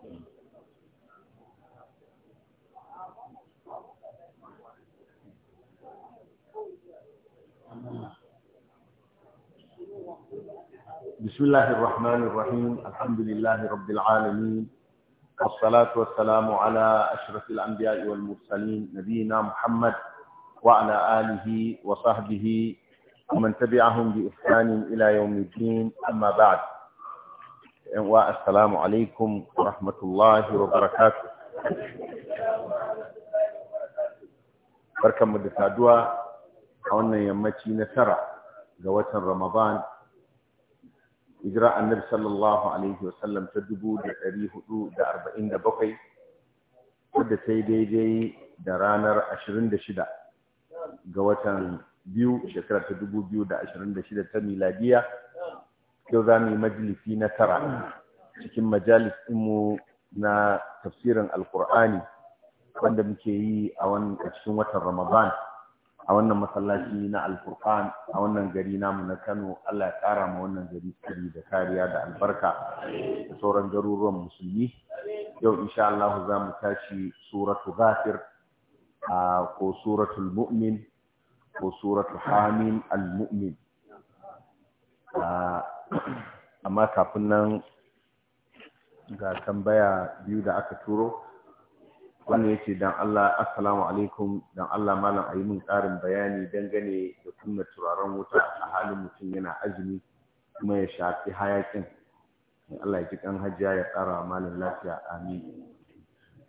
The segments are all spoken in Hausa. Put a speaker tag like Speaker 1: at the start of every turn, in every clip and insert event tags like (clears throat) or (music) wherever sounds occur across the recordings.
Speaker 1: بسم الله الرحمن الرحيم الحمد لله رب العالمين والصلاة والسلام على أشرف الأنبياء والمرسلين نبينا محمد وعلى آله وصحبه ومن تبعهم بإحسان إلى يوم الدين أما بعد والسلام عليكم ورحمة الله وبركاته بركم مدة دعوة أن يمتي نسرة جوة رمضان إجراء النبي صلى الله عليه وسلم تدبو دعريه دو دأربعين دبقي قد سيدي جي درانر عشرين دشدة جوة بيو شكرا تدبو بيو دعشرين دشدة تميلادية yau za mu yi majalisi na tara cikin majalis mu na tafsirin alkur'ani wanda muke yi a cikin watan ramadan a wannan masallaci na alfurqan a wannan gari namu na kano allah ya kara ma wannan gari da kariya da albarka da sauran garuruwan musulmi yau insha Allah za mu tashi suratu ghafir ko suratul mu'min ko suratul hamim al-mu'min amma kafin nan ga tambaya biyu da aka turo wannan yake dan Allah assalamu alaikum dan Allah malam yi min ƙarin bayani dangane da kunna turaren wuta a halin mutum yana azumi kuma ya shafi hayakin Allah ya ji kan Hajiya ya tsara malam lafiya amin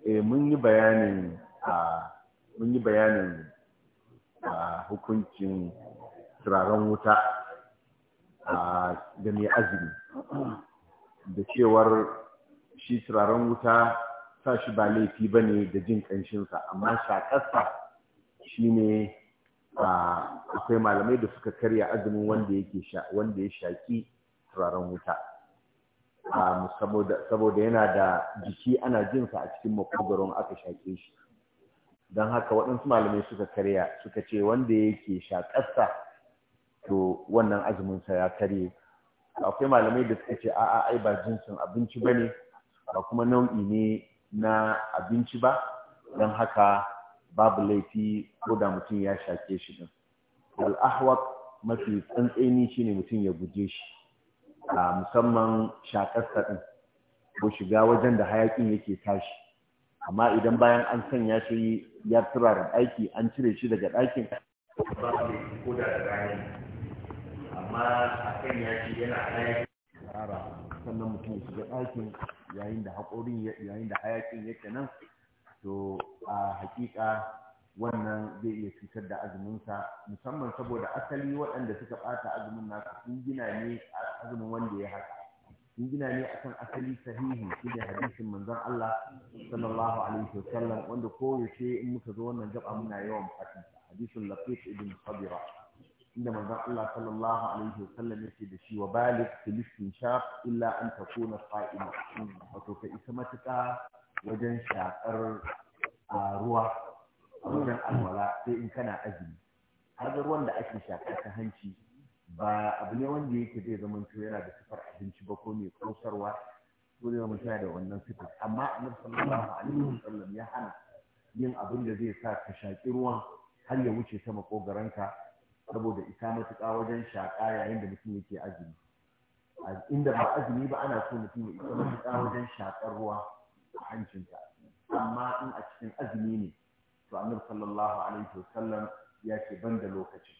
Speaker 1: eh mun yi bayanin a mun yi bayanin a hukuncin turaren wuta da mai azumi da cewar shi turaren wuta sa shi ba laifi ba ne da jin ƙanshinsa amma shaƙarsa shi ne akwai malamai da suka karya azumin wanda ya shaƙi turaren wuta saboda yana da jiki ana jinsa a cikin makogaron aka shaƙe shi don haka waɗansu malamai suka karya suka ce wanda yake shaƙasta to wannan azumin sa ya karye akwai malamai da suka ce a'a ai ba jinsin abinci bane ba kuma nau'i ne na abinci ba don haka babu laifi ko da mutum ya shake shi din al'ahwak mafi tsantseni shine mutum ya guje shi a musamman shakarsa din ko shiga wajen da hayakin yake tashi amma idan bayan an sanya shi ya turaren aiki an cire shi daga ɗakin ba ko da rani amma a kan yana sannan mutum ya shiga ɗakin yayin da haƙorin yayin da hayaƙin yake nan to a haƙiƙa wannan zai iya cutar da azuminsa musamman saboda asali waɗanda suka ɓata azumin nasu sun gina ne azumin wanda ya haka sun gina ne akan asali sahihi shi ne hadisin manzon Allah sallallahu alaihi wasallam wanda koyaushe in muka zo wannan jaba muna yawan hadisin laqit ibn sabira inda manzon Allah sallallahu alaihi wasallam yake da shi wa balik filistin shaq illa an takuna sa'ima wato ka isa matuka wajen shakar ruwa wajen alwala sai in kana azumi har ruwan da ake shakar ta hanci ba abu ne wanda yake zai zama to yana da sifar abinci ba ko mai kosarwa ko zai zama da wannan sifar amma annabi sallallahu alaihi wasallam ya hana yin abin da zai sa ka shaki ruwan har ya wuce ta makogaranka saboda isa matuƙa wajen shaƙa yayin da mutum yake azumi inda ba azumi ba ana so mutum ya isa matuƙa wajen shaƙar ruwa a hancinta amma in a cikin azumi ne to annabi sallallahu alaihi wasallam ya ce ban da lokacin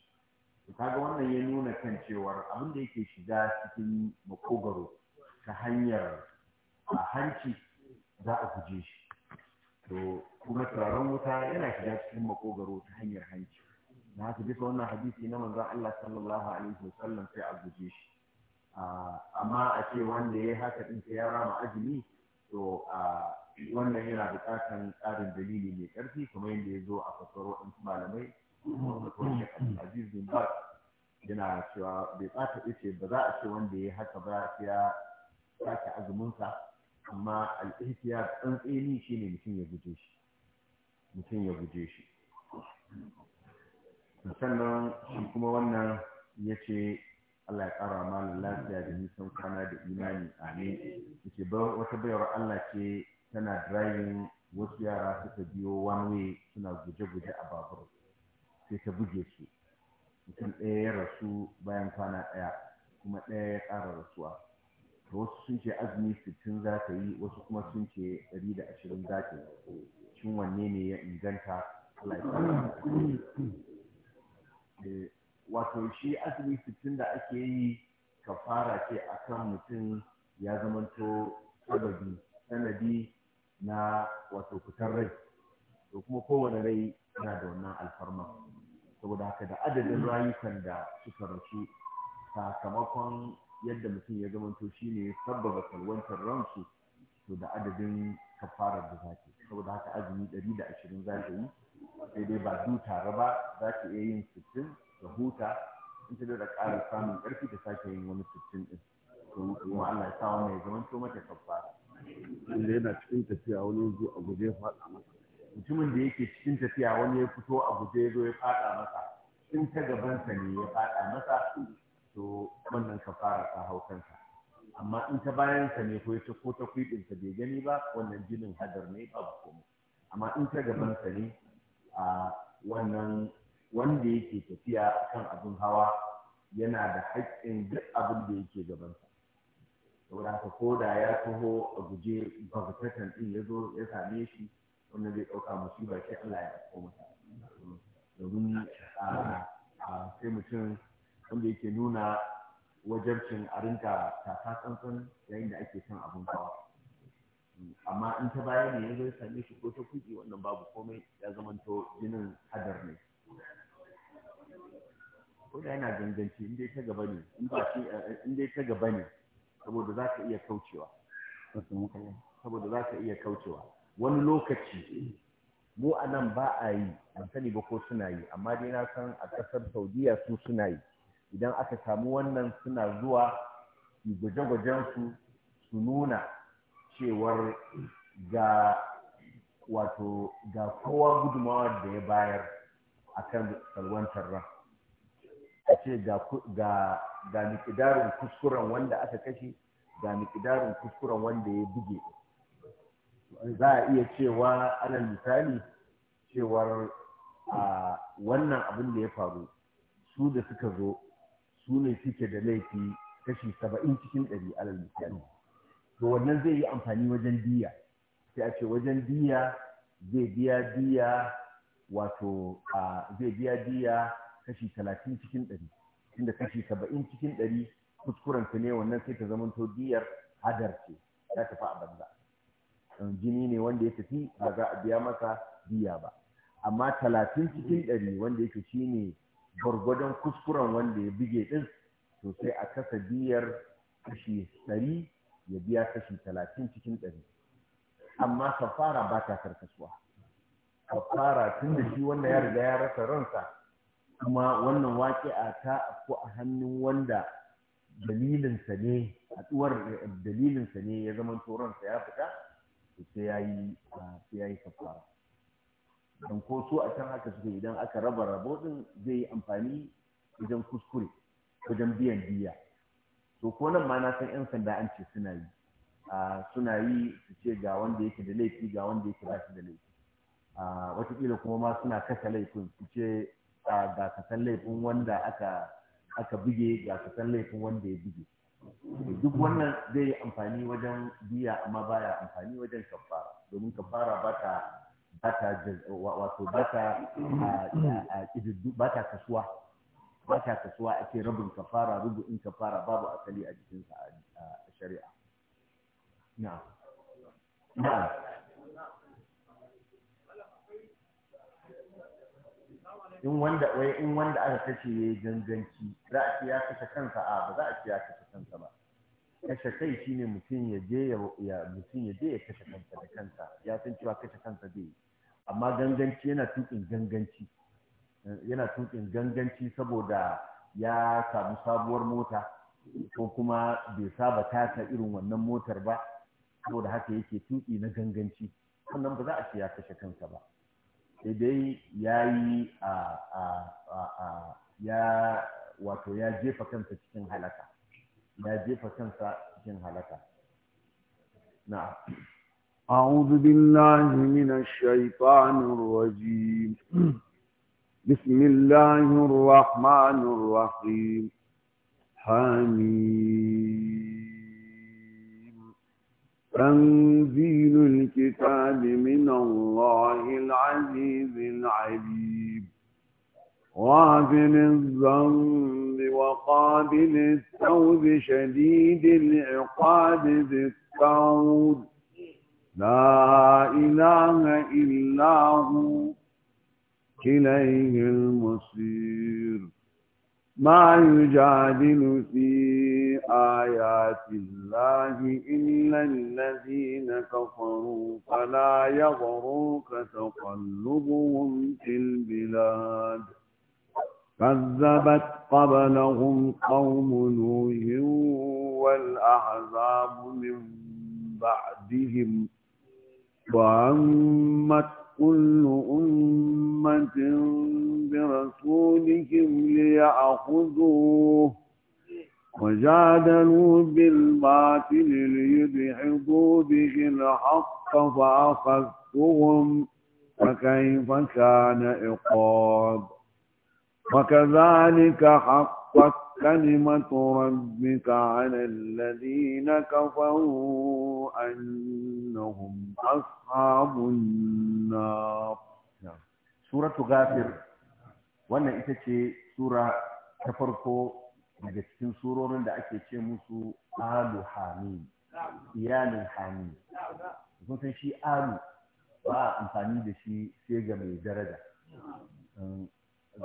Speaker 1: to kaga wannan ya nuna kan cewar abin da yake shiga cikin makogaro ta hanyar a hanci za a guje shi to kuma turaren wuta yana shiga cikin makogaro ta hanyar hanci da haka duka wannan hadisi na manzon Allah sallallahu alaihi wasallam sai a guje shi amma a ce wanda ya haka din ya rama azumi to wannan yana buƙatar ƙarin dalili mai ƙarfi kamar yadda ya zo a fasar waɗansu malamai Aziz bin Bas yana cewa bai ɓata ice ba za a ce wanda ya haka ba sai ya sake azuminsa amma al'ihtiyar tsantsini shine mutum ya guje shi mutum ya guje shi sannan shi kuma wannan ya ce Allah ya ƙara malin lafiya da nisan kwana da imani amin yace wata bayar Allah ce tana driving wasu yara suka biyo one way suna guje-guje a babur sai ta buge su mutum ɗaya ya rasu bayan kwana ɗaya kuma ɗaya ya ƙara rasuwa wasu sun ce azumi sittin za ta yi wasu kuma sun ce ɗari da ashirin za ta yi wanne ne ya inganta Allah Eh, wato shi azumi sittin da ake yi kafara ce akan mutum ya zamanto sababi sanadi na wato fitar rai to kuma kowane rai yana da wannan alfarma saboda haka da adadin rayukan da suka rasu sakamakon yadda mutum ya zamanto shi ne sababa salwantar ransu to da adadin kafarar da zaki saboda haka azumi 120 za ta yi sai dai ba du tare ba za ka iya yin sittin da huta in ta da ƙara samun ƙarfi ta sake yin wani sittin ɗin to kuma Allah ya sa mai zaman to mata kaffara inda yana cikin tafiya wani zo a guje ya faɗa masa mutumin da yake cikin tafiya wani ya fito a guje ya zo ya faɗa masa in ta gabansa ne ya faɗa masa to wannan kafara ta hau kansa amma in ta bayansa ne ko ta ko ta bai gani ba wannan jinin hadar ne babu komai amma in ta gabansa ne a wannan wanda yake tafiya kan abin hawa yana da haƙƙin duk abin da yake gabansa saboda haka ko da ya taho a guje bagatatan ɗin ya zo ya same shi wanda zai ɗauka musiba shi Allah ya ɗauko masa domin sai mutum wanda yake nuna wajabcin a rinka tasa tsantsan yayin da ake son abin hawa amma in ta baya ne ya zai same shi ko ta kuɗi wannan babu komai ya zama to jinin hadar ne ko da yana ganganci in dai ta gaba ne eh, in dai ta gaba ne saboda za ka iya kaucewa saboda za ka iya kaucewa wani lokaci mu a nan ba a yi ban sani ba ko suna yi amma dai na san a ƙasar saudiya su suna yi idan aka samu wannan suna zuwa gwaje-gwajen su su nuna cewar ga wato ga kowa gudumawa da ya bayar a kan salwantar ran a ce ga mikidarin kuskuren wanda aka kashe ga mikidarin kuskuren wanda ya buge za a iya cewa alal misali cewar a wannan abin da ya faru su da suka zo su ne suke da laifi kashi saba'in cikin ɗari alal misali to wannan zai yi amfani wajen diya sai a ce wajen diya zai biya diya wato zai biya diya kashi talatin cikin ɗari inda kashi saba'in cikin ɗari kuskuren ne wannan sai ta zamanto diyar hadar ce ya tafi a banza jini ne wanda ya tafi ba za a biya masa diya ba amma talatin cikin ɗari wanda yake shi ne gwargwadon kuskuren wanda ya buge ɗin sosai a kasa diyar kashi ɗari ya biya kashi talatin cikin ɗari amma kafara ba ta karkasuwa kafara tun da shi wanda ya riga ya rasa ransa kuma wannan a ta ko a hannun wanda dalilinsa ne haɗuwar dalilinsa ne ya zama ransa ya fita to sai ya yi kafara don ko su a can haka suke idan aka raba rabo din zai yi amfani wajen kuskure wajen biyan biya to ko nan ma na san yan sanda an ce suna yi suna yi su ce ga wanda yake da laifi ga wanda yake ba shi da laifi watakila kuma ma suna kasa laifin su ce ga kasan laifin wanda aka aka buge ga kasan laifin wanda ya buge duk wannan zai yi amfani wajen biya amma baya amfani wajen kafara domin kafara ba ta ba ta wato ba ta kasuwa ba ta kasuwa ake rabin kafara rubu'in kafara babu asali a jikinsa a shari'a na'am na'am
Speaker 2: in wanda wai in wanda aka
Speaker 1: kace yayi ganganci za a ya kashe kansa a ba za a ce ya kashe kansa ba kashe kai shine mutum ya je ya mutum ya je ya kashe kansa da kansa ya san cewa kashe kansa zai amma ganganci yana tukin ganganci Eh, yana tukin ganganci saboda ya samu sabuwar mota ko kuma bai saba tasa irin wannan motar ba saboda haka yake tuki na ganganci sannan ba za a ce ya kashe kansa ba sai dai ya yi a ya wato ya jefa kansa cikin halaka ya jefa kansa cikin halaka
Speaker 3: na أعوذ بالله من الشيطان الرجيم بسم الله الرحمن الرحيم حميم تنزيل الكتاب من الله العزيز العليم غافل الذنب وقابل التوب شديد العقاب ذي لا إله إلا هو إليه المصير ما يجادل في آيات الله إلا الذين كفروا فلا يغروك تقلبهم في البلاد كذبت قبلهم قوم نوح والأحزاب من بعدهم وعمت كل أمة برسولهم ليأخذوه وجادلوا بالباطل ليدحضوا به الحق فأخذتهم فكيف كان إقاب وكذلك حقت كلمة ربك على الذين كفروا أنهم أصحاب النار سورة غافر
Speaker 1: وانا اتشي سورة تفرقو daga cikin surorin da ake ce musu alu hamim iyalin hami, kun san shi alu ba a amfani da shi sai ga mai daraja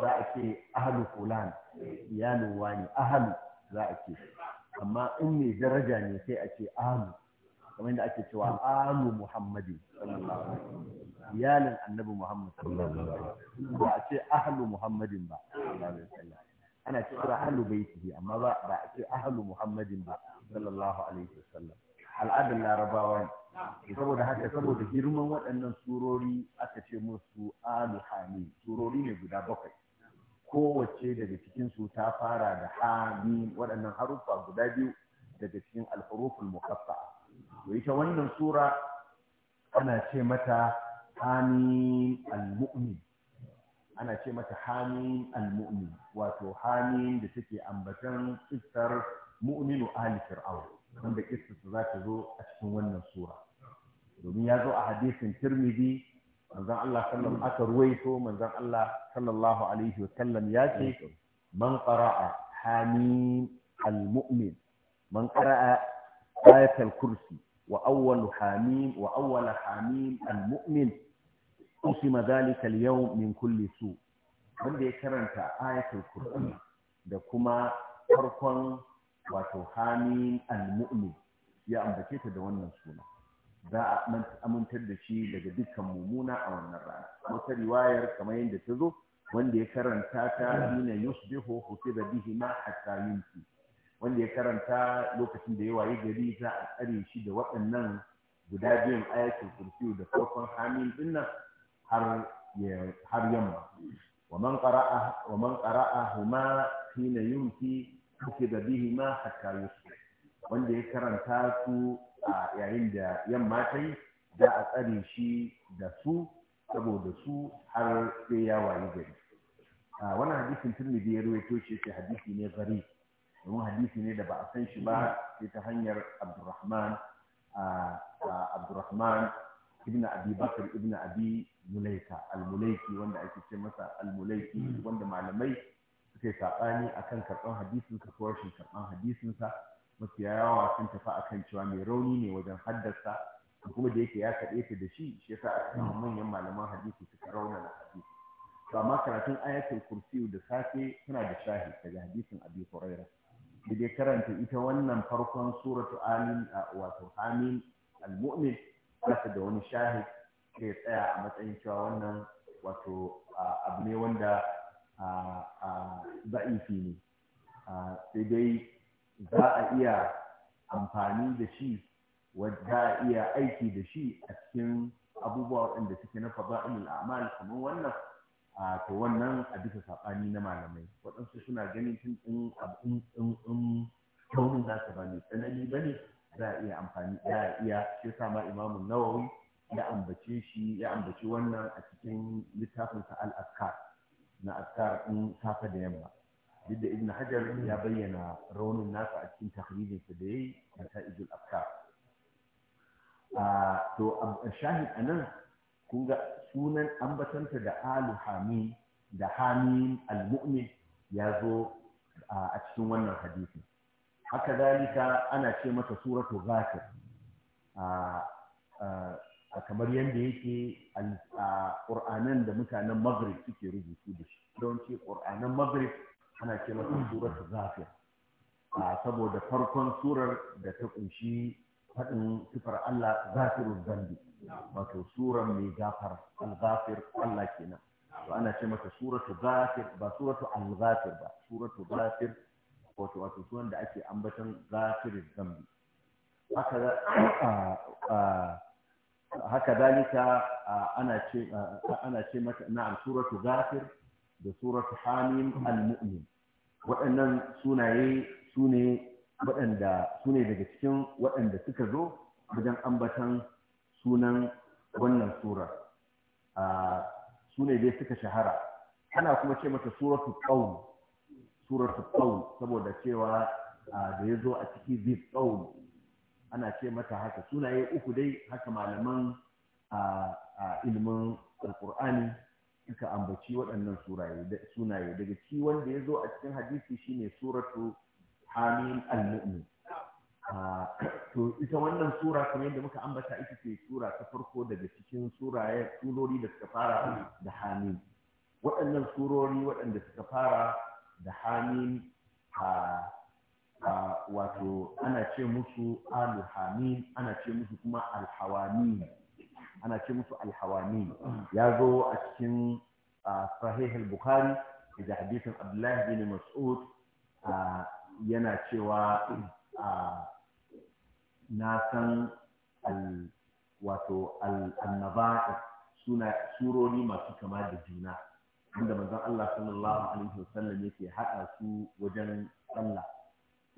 Speaker 1: za a ce ahalu fulan iyalin wani ahalu za a ce amma in mai daraja ne sai a ce ahalu kamar yadda ake cewa alu muhammadi iyalin annabi muhammad ba a ce ahlu muhammadin ba
Speaker 3: ana ce kira ahlu
Speaker 1: baitihi amma ba a ce ahlu muhammadin ba sallallahu alaihi wasallam al'adar larabawa
Speaker 3: saboda haka saboda
Speaker 1: girman waɗannan surori aka ce musu alu Hami, surori ne guda bakwai kowace daga cikin su ta fara da hami waɗannan haruffa guda biyu daga cikin alfurufin mukaffa to ita wannan sura ana ce mata hamim almu'min ana ce mata hamim wato hamim da take ambatan kissar mu'minu ali fir'aun wanda kissa za ta zo a cikin wannan sura domin ya zo a hadisin tirmidhi manzon Allah sallallahu aka ruwaito manzon Allah sallallahu alaihi wa sallam ya ce man qara'a hamim mumin man qara'a ayat al-kursi wa awwal hamim wa awwal hamim almu'min usima dhalika al-yawm min kulli su wanda ya karanta al kursi da kuma farkon wato hamim mumin ya ambace ta da wannan suna za a amintar da shi daga dukkan mummuna a wannan rana wata riwayar kamar yadda ta zo wanda ya karanta ta ina yusbihu da bihi ma hatta yumsi wanda ya karanta lokacin da ya waye gari za a tsare shi da waɗannan guda biyun ayatul kursiyu da farkon hamin dinnan har yamma wa man qara'a wa man qara'ahuma hina yumsi da bihi ma hatta yumsi wanda ya karanta su a yayin da yamma ta yi za a tsare shi da su saboda su har sai ya wayi gari wannan hadisin turmidi ya ruwaito shi sai hadisi ne gari domin hadisi ne da ba a san shi ba sai ta hanyar abdurrahman abdurrahman ibn abi ibn abi mulaika al-mulaiki wanda ake ce masa al-mulaiki wanda malamai suke saɓani akan karɓan hadisin sa ko rashin karɓan hadisin sa mafiya yawa sun tafi akan cewa mai rauni ne wajen haddasa kuma da yake ya kaɗe ta da shi shi yasa a cikin manyan malaman hadisi suka da hadisi to amma karatun ayatul kursi da safe suna da shahi daga hadisin abi huraira da dai karanta ita wannan farkon suratu amin wato amin almu'min kasa da wani shahi sai tsaya a matsayin cewa wannan wato abu ne wanda za'ifi ne sai dai za a iya amfani da shi za a iya aiki da shi a cikin abubuwa waɗanda suke na fada'ilul a'mal kamar wannan a to wannan a bisa saɓani na malamai waɗansu suna ganin tun in in kaunin nasa ba mai tsanani ba ne za a iya amfani za a iya shi sa ma imamun nawawi ya ambace shi ya ambaci wannan a cikin littafinsa al-askar na askar in safe da yamma duk da ibn hajar ya bayyana raunin nasa a cikin tahririnsa da ya yi a ta'ijul Afka. to shahid a nan kun ga sunan ambatanta da alu hami da hamim al-mu'min ya zo a cikin wannan hadisi haka zalika ana ce mata suratu ghafir a kamar yadda yake a ƙur'anan da mutanen maghrib suke rubutu da shi yawanci ƙur'anan maghrib ana ce masa suratu zafir a saboda farkon surar da ta kunshi faɗin sifar Allah zafirun zambi wato surar mai gafar al-zafir Allah kenan to ana ce masa suratu zafir ba suratu al-zafir ba suratu zafir wato wato sunan da ake ambaton zafirin zambi haka haka dalika ana ce ana ce mata na'am suratu zafir da suratu hamim al-mu'min waɗannan sunaye su ne waɗanda su daga cikin waɗanda suka zo wajen ambatan sunan wannan sura su ne dai suka shahara ana kuma ce mata suratu qaul suratu qaul saboda cewa da ya zo a ciki bi qaul ana ce mata haka sunaye uku dai haka malaman ilimin alkur'ani suka ambaci waɗannan sunaye daga ci wanda ya zo a cikin hadisi shine suratu hamim al-mu'min ah, (coughs) to ita wannan sura kuma yadda muka ambata ita ce sura ta farko daga cikin suraye surori da suka fara da hamim waɗannan surori waɗanda suka fara da hamim ah, ah, wato ana ce musu alu ana ce musu kuma al-hawamin ana ce musu alhawani ya zo a cikin sahih al-bukhari da hadisin abdullahi bin mas'ud yana cewa na san wato al-naba'i suna surori masu kama da juna inda manzon Allah sallallahu alaihi wasallam yake haɗa su wajen Allah.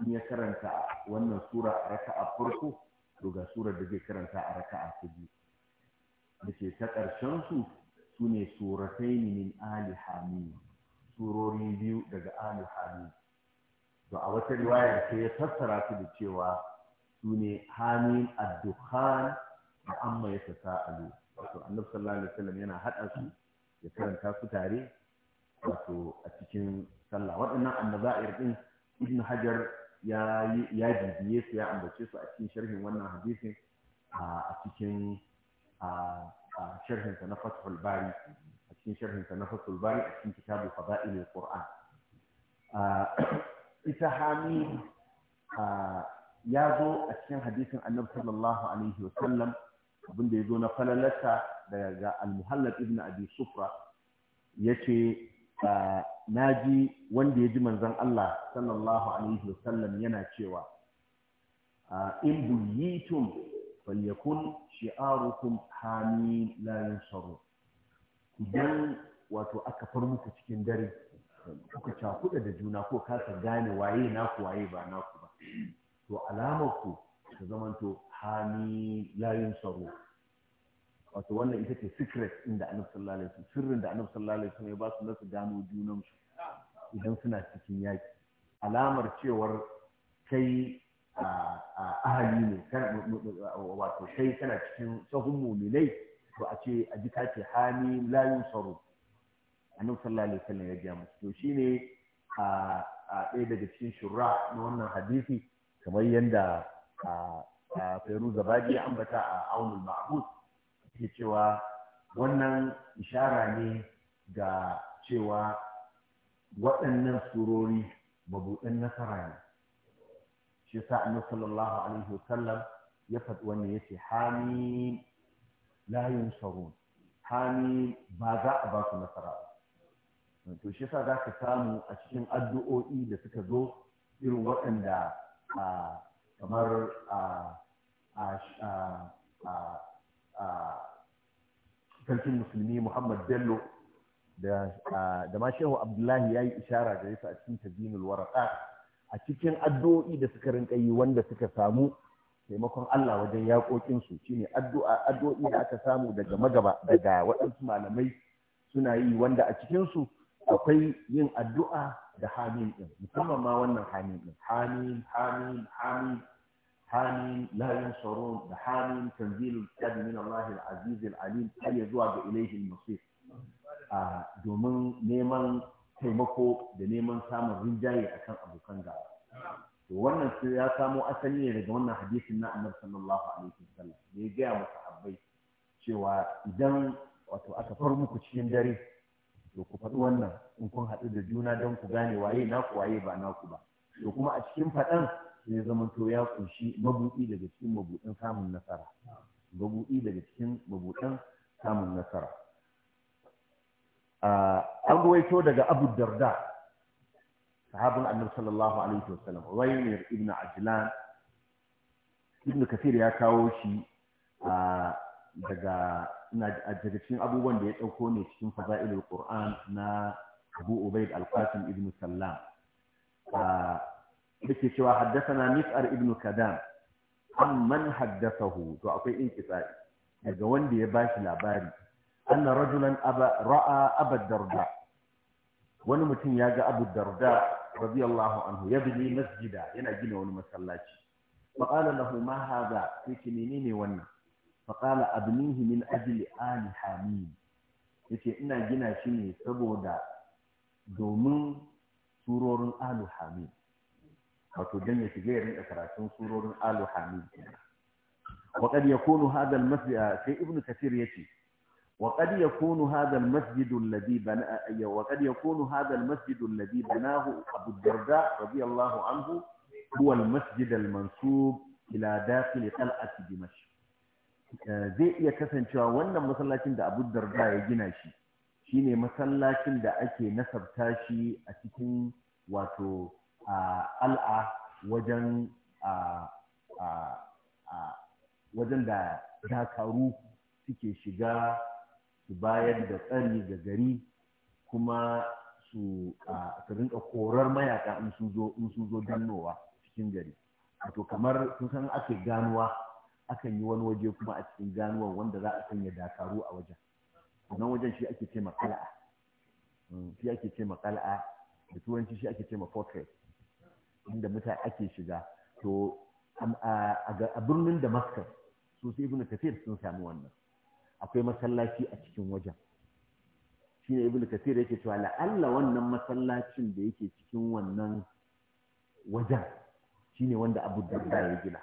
Speaker 1: in ya karanta wannan sura a raka'a farko to ga surar da zai karanta a raka'a ta biyu da ke ta ƙarshen su su ne surataini min ali hamim surori biyu daga ali hamim to a wata riwayar sai ya fassara su da cewa su ne hamim ad-dukhan da amma ya tasa'alu wato annabi sallallahu alaihi wasallam yana hada su ya karanta su tare wato a cikin sallah waɗannan annaba'ir din ibn hajar ya ya bibiye su ya ambace su a cikin sharhin wannan hadisin a cikin a sharhinsa na fathul bari a cikin sharhinsa na fathul bari a cikin kitabu fada'il qur'an (clears throat) ita hami ya zo a cikin hadisin annabi sallallahu alaihi wa sallam abinda ya zo na falalarsa daga al-muhallab ibn abi sufra yace na ji wanda ya ji manzon Allah sallallahu alaihi wa sallam yana cewa in buyitum falyakun shi'arukum hamin la yansaru idan wato aka far muku cikin dare kuka cakuɗa da juna ko kasa gane waye naku waye ba naku ba to alamar ku ta zamanto hami layin yansaru wato wannan ita ce secret inda da sallallahu alaihi sirrin da annabi sallallahu alaihi ya ba su gano junan idan suna cikin yaki alamar cewar kai ahali ne wato kai tana cikin sahun muminai to a ce a ji kace hali la yusaru annabi sallallahu alaihi ya ji musu to shine a ɗaya daga cikin shurra na wannan hadisi kamar yadda a Fairu zabaji ya ambata a Aunul Ma'bud ke cewa wannan ishara ne ga cewa waɗannan surori mabuɗin nasara ne shi yasa annabi sallallahu alaihi wasallam ya faɗi wannan yace hamim la yunsarun hamim ba za a ba su nasara ba to shi yasa zaka samu a cikin addu'o'i da suka zo irin waɗanda kamar sarkin musulmi Muhammad Bello da ma Shehu Abdullahi ya yi ishara da yasa a cikin tazinul waraqat a cikin addu'o'i da suka rinka yi wanda suka samu taimakon Allah wajen yaƙoƙin su shine addu'a addu'o'i da aka samu daga magaba daga waɗansu malamai suna yi wanda a cikinsu akwai yin addu'a da hamin ɗin, musamman ma wannan hamin ɗin.
Speaker 3: hamin hamin
Speaker 1: hamin hamin la yansurun da hamin tanzil kitabi min Allah al-aziz al-alim har ya zuwa ga ilahi al ah, domin neman taimako da neman samun rinjaye akan abokan gaba to wannan sai ya samo asali ne daga wannan hadisin na annabi sallallahu alaihi wasallam da ya gaya masa abai cewa idan wato aka far muku cikin dare to ku faɗi wannan in kun haɗu da juna don ku gane waye naku waye ba naku ba to kuma a cikin faɗan sai ya zama zamanto ya kunshi mabuɗi daga cikin mabuɗin samun nasara mabuɗi daga cikin mabuɗin samun nasara an ruwaito daga abu darda sahabin annabi sallallahu alaihi wasallam waimir ibn ajlan ibn kafir ya kawo shi daga daga cikin abubuwan da ya ɗauko ne cikin fada'ilul qur'an na abu ubaid al-qasim ibn sallam yake cewa haddathana mis'ar ibn kadam an man haddathahu to akwai inkisai daga wanda ya bashi labari anna rajulan aba wani mutum ya ga abu darda radiyallahu anhu ya bi masjida yana gina wani masallaci fa qala lahu ma hadha sai ce menene wannan fa qala abnihi min ajli ali hamim yace ina gina shi ne saboda domin surorin alu hamim wato dan ya shiga ya rinka karatun surorin alu hamim وقد يكون هذا sai في ابن ya ce. وقد يكون هذا المسجد الذي بنا وقد يكون هذا المسجد الذي بناه أبو الدرداء رضي الله عنه هو المسجد المنسوب إلى داخل قلعة دمشق zai iya kasancewa wannan masallacin da Abu Darda ya gina shi shine masallacin da ake nasabta shi a cikin wato al'a wajen wajen da dakaru suke shiga su bayar da tsari ga gari kuma su rinka korar mayaka in su zo dannowa cikin gari wato kamar sun san ake ganuwa akan yi wani waje kuma a cikin ganuwa wanda za a sanya dakaru a wajen wannan wajen shi ake ce makala'a mm, shi ake ce makala'a da turanci shi ake ce ma fortress inda mutane ake shiga to a birnin damascus su sai ibn kafir sun sami wannan akwai masallaci a cikin wajen shi ne ibn kasir yake cewa la'alla wannan masallacin da yake cikin wannan wajen shi ne wanda abu darda ya gina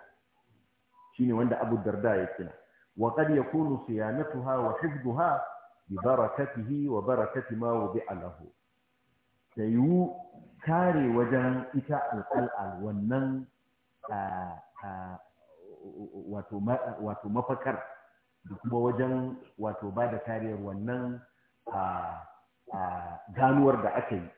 Speaker 1: shi ne wanda abu darda ya gina wa qad yakunu siyanatuha wa hifdhuha bi barakatihi wa barakati ma wudi'a lahu sayu kare wajen ita alqal'al wannan wato mafakar da kuma wajen wato ba da kariyar wannan ganuwar da aka yi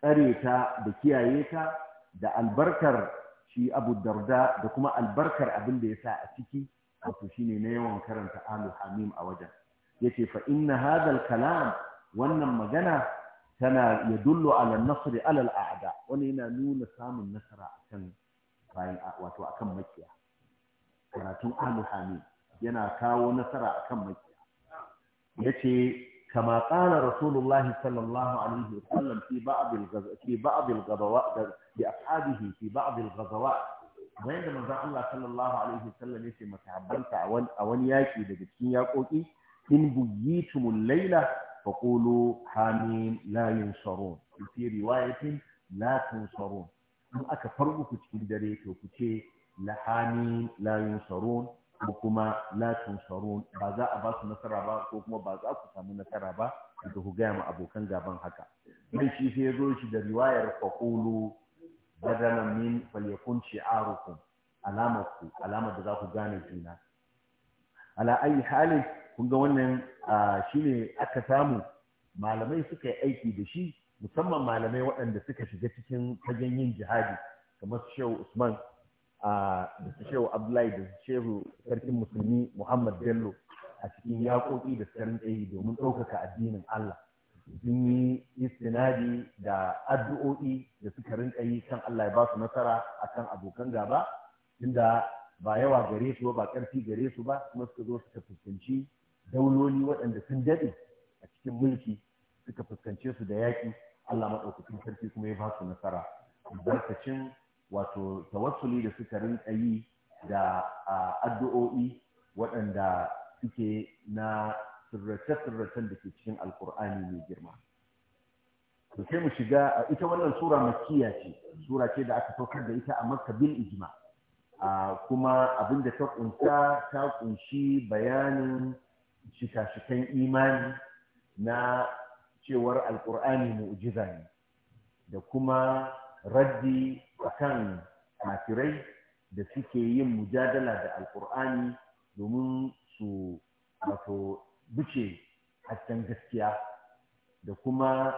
Speaker 1: tsare ta da kiyaye ta da albarkar shi abu darda da kuma albarkar abin da ya sa a ciki wato shine na yawan karanta alu hamim a wajen yace fa inna hadal kalam wannan magana tana yadullu ala nasri ala al'ada wani yana nuna samun nasara akan bayan wato akan makiya karatun alu hamim yana kawo nasara akan makiya yace kama qala rasulullahi sallallahu alaihi wasallam fi ba'd al-ghazwa fi ba'd al bi ashabihi fi ba'd al bayan da manzon Allah sallallahu alaihi wasallam yace matahabbanta a wani yaki daga cikin yakoki in buyitumul layla faqulu hamim la yunsarun fi riwayatin latin tunsarun in aka farku cikin dare to ku ce la hamim la yunsarun ko kuma la tunsarun ba za a ba su nasara ba ko kuma ba za ku samu nasara ba da ku gaya ma abokan gaban haka mai shi sai zo shi da riwayar faqulu badalan min falyakun shi'arukum alamar ku da za ku gane juna ala ayi hali kun ga wannan shine aka samu malamai suka yi aiki da shi musamman malamai waɗanda suka shiga cikin fagen yin jihadi kamar shehu usman da su shehu abdullahi da su shehu sarkin musulmi muhammad bello a cikin yaƙoƙi da sarin tsaye domin ɗaukaka addinin allah sun yi istinadi da addu'o'i da suka rinka yi kan allah ya ba su nasara kan abokan gaba inda ba yawa gare su ba ƙarfi gare su ba kuma suka zo suka fuskanci dauloli waɗanda sun daɗe a cikin mulki suka fuskance su da yaƙi Allah maɗaukakin sarki kuma ya ba su nasara albarkacin wato tawassuli da suka rinka yi da addu'o'i waɗanda suke na sirrace-sirracen da ke cikin alkur'ani mai girma. To sai mu shiga ita wannan sura makiya ce, sura ce da aka saukar da ita a Makka bil ijma. kuma abin da ta kunsa ta kunshi bayanin shika-shikan imani na cewar alkur'ani mu'jiza ne da kuma raddi akan kafirai da suke yin mujadala da alkur'ani domin su wato buce hasken gaskiya da kuma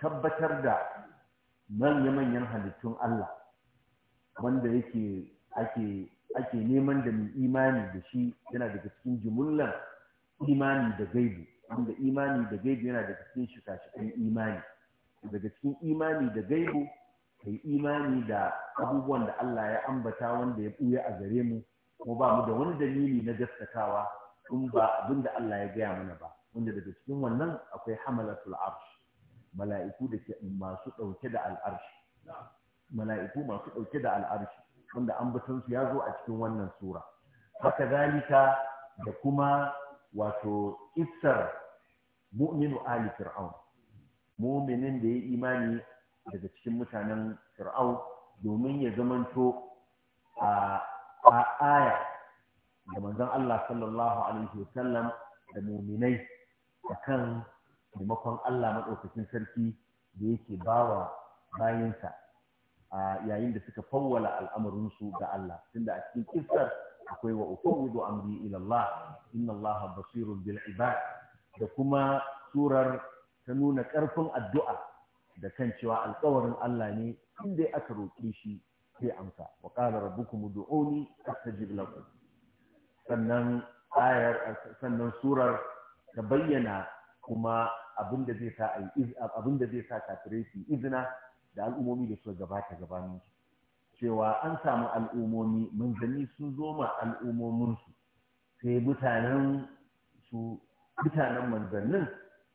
Speaker 1: tabbatar da manya-manyan halittun Allah wanda yake ake ake neman da mai imani da shi yana daga cikin jimullar imani da gaibu wanda imani da gaibu yana daga cikin shi imani daga cikin imani da gaibu ka yi imani da abubuwan da Allah ya ambata wanda ya ɓuya a gare mu kuma ba mu da wani dalili na gaskatawa in ba abin da Allah ya gaya mana ba wanda daga cikin wannan akwai hamalatul arsh mala'iku da masu ɗauke da al'arsh mala'iku masu ɗauke da al'arsh wanda ambaton su ya zo a cikin wannan sura haka zalika da kuma wato kissar mu'minu ali fir'aun mu'minin da ya imani daga cikin mutanen fir'au domin ya zamanto a aya da manzon Allah sallallahu alaihi wasallam da muminai kan taimakon Allah maɗaukakin sarki da yake bawa bayansa a yayin da suka fawwala al'amarinsu ga Allah tunda a cikin kissar akwai wa ufawwidu amri ila Allah inna Allah basirun bil ibad da kuma surar ta nuna ƙarfin addu'a da kan cewa alkawarin Allah ne in dai aka roƙe shi sai amsa wa qala rabbukum ud'uni astajib lakum sannan ayar sannan surar ta bayyana kuma abin da zai sa ai abin da izina da al'umomi da suka gabata gabanin su cewa an samu al'umomi manzanni sun zo ma al'umominsu sai mutanen su mutanen manzannin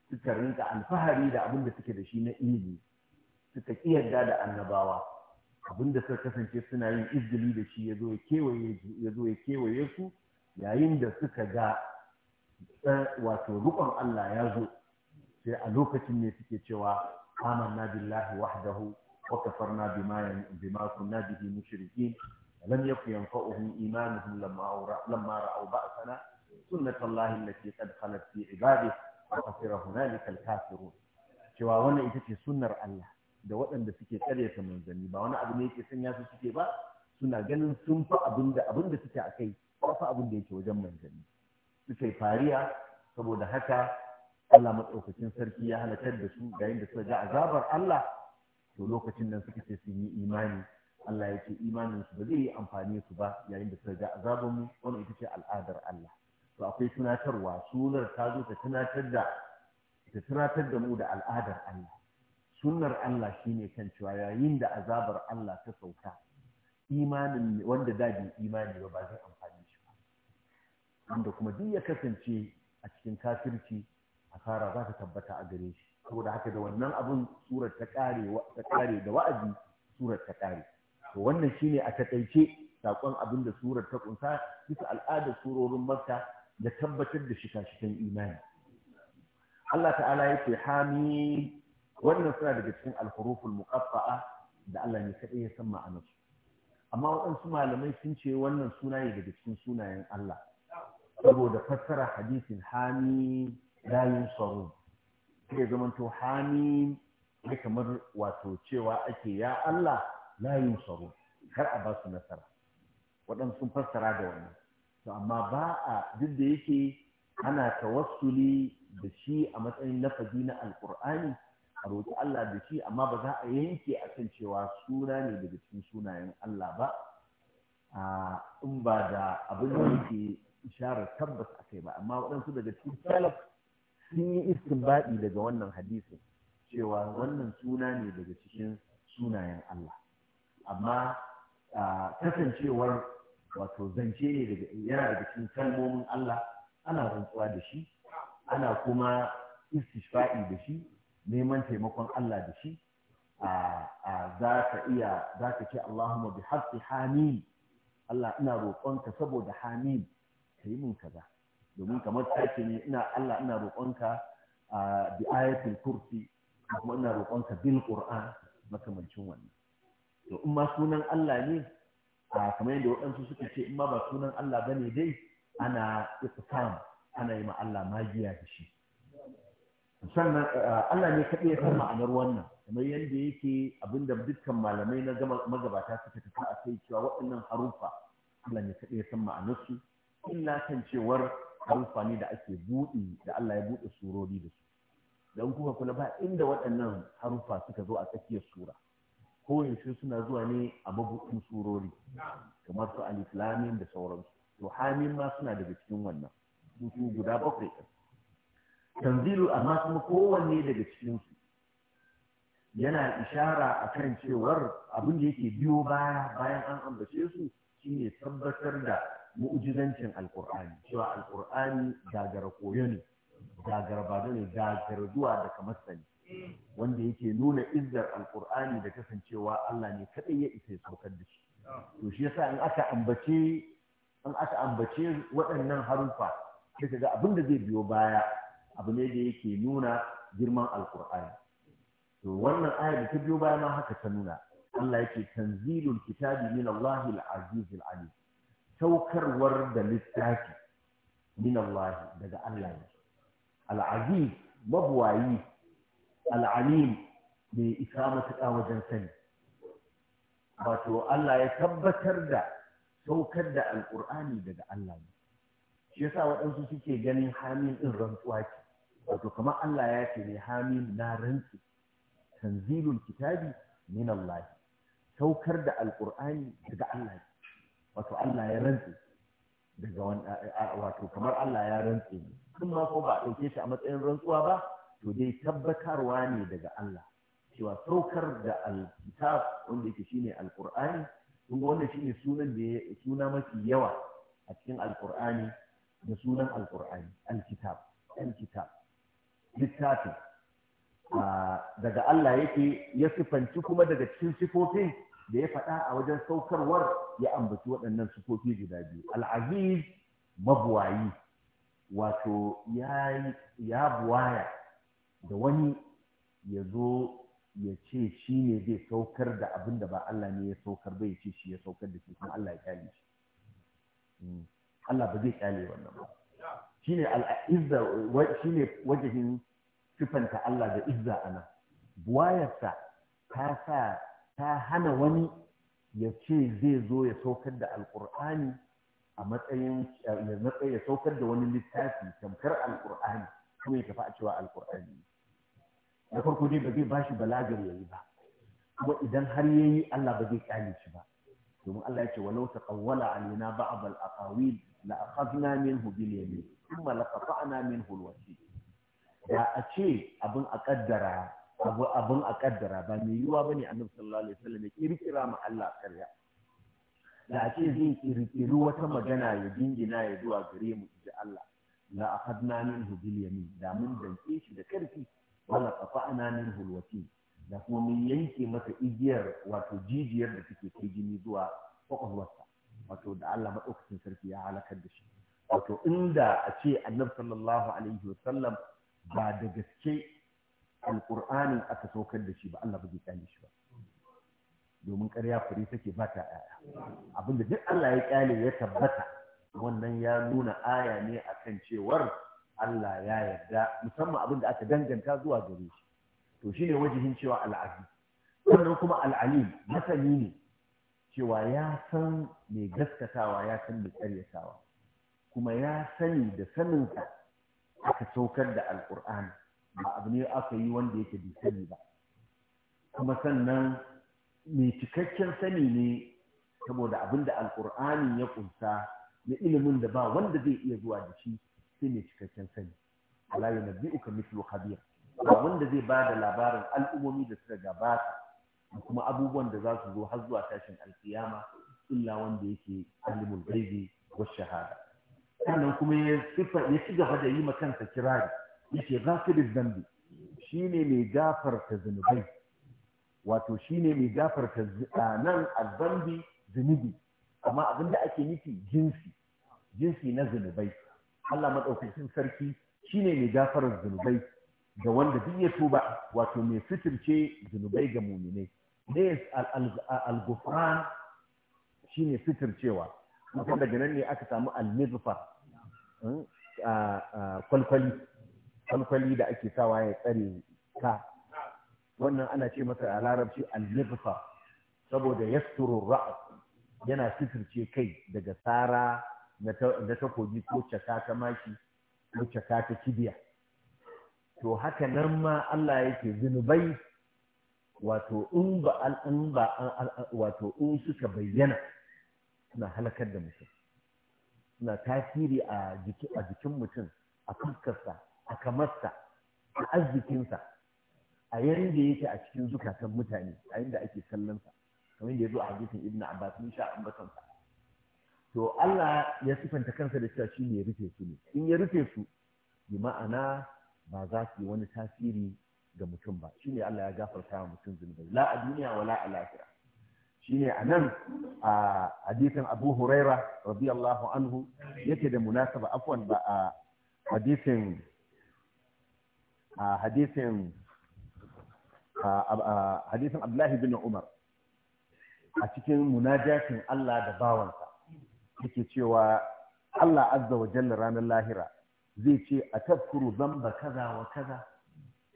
Speaker 1: suka rinka alfahari da abin da suke da shi na ilimi suka ƙi yarda da annabawa abin da suka kasance suna yin izgili da shi ya zo ya kewaye su yayin da suka ga eh, wato rukon Allah ya zo sai a lokacin ne suke cewa amanna billahi wahdahu wa kafarna na bima kunna bihi mushrikin lam yakun yanfa'uhum imanuhum lamma ra'aw ba'sana sunnatullahi allati qad khalat fi ibadihi wa kafira hunalika cewa wannan ita ce sunnar Allah da waɗanda suke karyata Manzani ba wani abu ne yake sanya su suke ba suna ganin sun fa abinda abinda suke akai ba fa abinda yake wajen manzanni suke fariya saboda haka Allah madaukakin sarki ya halakar da su yayin da suka ga azabar Allah to lokacin nan suka ce sun yi imani Allah ya ce imanin su ba zai yi amfani su ba yayin da suka ga azabun mu wannan ita ce al'adar Allah to akwai tunatarwa sunar ta zo ta tunatar da ta tunatar da mu da al'adar Allah sunnar Allah shine kan cewa yayin da azabar Allah ta sauka imanin wanda da bai imani ba ba zai amfani shi ba wanda kuma duk ya kasance a cikin kafirci asara za ta tabbata a gare shi saboda haka da wannan abun surar ta kare ta kare da wa'azi surar ta kare to wannan shine a takaice sakon abin da surar ta kunsa bisa al'adar surorin Makka da tabbatar da shika-shikan imani Allah ta'ala ya ce hami wannan suna daga cikin alhuruful muqaffa'a da Allah ne kaɗai ya san ma'anarsu amma waɗansu malamai sun ce wannan suna ne daga cikin sunayen Allah saboda fassara hadisin hami layin tsaro sai zamanto hami ne kamar wato cewa ake ya Allah layin tsaro kar a ba su nasara waɗansu fassara da wannan to amma ba a duk da yake ana tawassuli da shi a matsayin lafazi na alkur'ani a roƙi Allah da shi amma ba za a yanke a kan cewa suna ne daga cikin sunayen Allah ba in ba da abin da yake isharar tabbas a kai ba amma waɗansu daga cikin salaf sun yi istinbaɗi daga wannan hadisin cewa wannan suna ne daga cikin sunayen Allah amma kasancewar wato zance ne daga yana da cikin kalmomin Allah ana rantsuwa da shi ana kuma istishfa'i da shi neman taimakon Allah da shi a za ka iya za ka ce Allahumma bi haqqi hamim Allah ina roƙonka saboda hamim ka yi min kaza domin kamar take ne ina Allah ina roƙonka bi ayatul kursi kuma ina roƙonka bil qur'an makamancin wannan to in ma sunan Allah ne a kamar yadda waɗansu suka ce in ma ba sunan Allah bane dai ana iqsam ana yi ma Allah magiya da shi sannan Allah ne kaɗai ya san ma'anar wannan kamar yadda yake abinda dukkan malamai na magabata suka tafi a kai cewa waɗannan harufa Allah ne kaɗai ya san ma'anarsu illa kan cewar harufa ne da ake buɗe da Allah ya buɗe surori da su don kuka kula ba inda waɗannan harufa suka zo a tsakiyar sura koyaushe suna zuwa ne a mabuɗin surori kamar su alislamin da sauransu to hamin ma suna daga cikin wannan su guda bakwai tanzilu amma kuma kowanne daga cikinsu yana ishara a kan cewar abin da yake biyo baya bayan an ambace su shine tabbatar da mu'jizancin alkur'ani cewa alkur'ani gagara koyo ne gagara ba ne gagara zuwa da kamar sani wanda yake nuna izzar alkur'ani da kasancewa Allah ne kadai ya isa ya saukar da shi to shi yasa in aka ambace in aka ambace waɗannan harufa sai kaga abin da zai biyo baya abu ne da yake nuna girman alkur'ani to wannan aya da ta biyo baya ma haka ta nuna Allah yake tanzilul kitabi min Allahil azizil alim saukarwar da littafi min Allah daga Allah ne al-aziz mabwayi al'alim mai isa matuƙa wajen sani wato Allah ya tabbatar da saukar da alƙur'ani daga Allah ne shi yasa waɗansu suke ganin hamin ɗin rantsuwa ce wato kamar Allah ya ce ne hamin na rantsi tanzilul kitabi min Allah saukar da alƙur'ani daga Allah ne wato Allah ya rantsi daga wato kamar Allah ya rantsi ne kuma ko ba a ɗauke shi a matsayin rantsuwa ba to dai tabbatarwa ne daga Allah cewa saukar da alkitab wanda yake shine alqur'ani kun wannan shine sunan da suna mafi yawa a cikin alqur'ani da sunan alqur'ani alkitab alkitab littafin daga Allah yake ya sifanci kuma daga cikin sifofin da ya faɗa a wajen saukarwar ya ambaci waɗannan sifofi guda biyu al'aziz mabuwayi wato ya buwaya da wani ya zo ya ce shi ne zai saukar da abin da ba Allah ne ya saukar ba ya ce shi ya saukar da shi kuma Allah ya kyale shi hmm. Allah ba zai kyale wannan ba shi ne al'izza shi ne wajahin sifanta Allah da izza ana buwayarsa ta sa ta hana wani ya ce zai zo ya saukar da alƙur'ani a matsayin ya saukar da wani littafi tamkar alƙur'ani kuma ya tafi a cewa alkur'ani na farko dai ba zai ba shi balagar yayi ba kuma idan har yayi Allah ba zai kyale shi ba domin Allah ya ce walau taqawwala alaina ba'd al-aqawil la akhadna minhu bil yamin thumma la qata'na minhu al da a ce abin a kaddara abu abin a kaddara ba mai yiwuwa bane annabi sallallahu alaihi wasallam ya kirkira ma Allah karya da a ce zai kirkiri wata magana ya dingina ya zuwa gare mu ji Allah la akhadna minhu bil yamin da mun danke shi da karfi wala qata'na minhu al watin da kuma mun yanke masa igiyar wato jijiyar da take kai jini zuwa kwakwalwarsa wato da Allah maɗaukacin sarki ya halakar da shi wato inda a ce annabi sallallahu alaihi sallam, ba da gaske alƙur'anin aka saukar da shi ba Allah ba zai kyale shi ba domin ƙarya fure take ba ta abin abinda duk Allah ya kyale ya tabbata wannan ya nuna aya ne akan cewar Allah ya yarda musamman abin da aka danganta zuwa gare shi to shine wajihin cewa al'aziz sannan kuma al'alim masani ne cewa ya san mai gaskatawa ya san mai karyatawa kuma ya sani da saninsa aka saukar da alkur'ani ba abu ne aka yi wanda yake bai sani ba kuma sannan mai cikakken sani ne saboda abin da alkur'ani ya kunsa na ilimin da ba wanda zai iya zuwa da shi sai mai cikakken sani ala ka mislu khabir ba wanda zai ba da labarin al'ummomi da suka gabata da kuma abubuwan da za su zo har zuwa tashin alkiyama illa wanda yake alimul gaibi wa shahada sannan kuma ya sifa ya ci gaba da yi ma kansa kirari yace ghafiriz zambi shine mai gafarta zunubai wato shine mai gafarta ah, nan azambi zunubi amma abinda ake nufi jinsi jinsi na zunubai Allah maɗaukacin sarki shi ne mai gafarar zunubai ga wanda duk ya tuba wato mai suturce zunubai ga muminai ne al gufran shi ne suturcewa kuma daga nan ne aka samu al mizufa hmm, kwalkwali kwalkwali da ake sawa ya tsare ka wannan ana ce masa a larabci al mizufa saboda yasturu ra'a yana suturce kai daga tsara na takobi ko caka ta maki ko caka ta kibiya to haka nan ma Allah yake zunubai wato in ba an ba wato in suka bayyana suna halakar da mutum suna tasiri a jikin mutum a fuskarsa a kamarsa a arzikinsa a yanda yake a cikin zukatan mutane a inda ake kallonsa kamar da ya zo a hadisin ibn abbas mun sha ambatonsa to Allah ya sifanta kansa da cewa shi ne ya rufe su ne in ya rufe su bi ma'ana ba za su yi wani tasiri ga mutum ba Shi ne Allah ya gafarta wa mutum zunubai la a duniya la a Shi ne a nan a hadisin Abu Huraira radiyallahu anhu yake da munasaba afwan ba a hadisin a Abdullahi bin Umar a cikin munajatin Allah da bawansa yake cewa Allah azza wa jalla ranar lahira zai ce a tafkuru zamba kaza wa kaza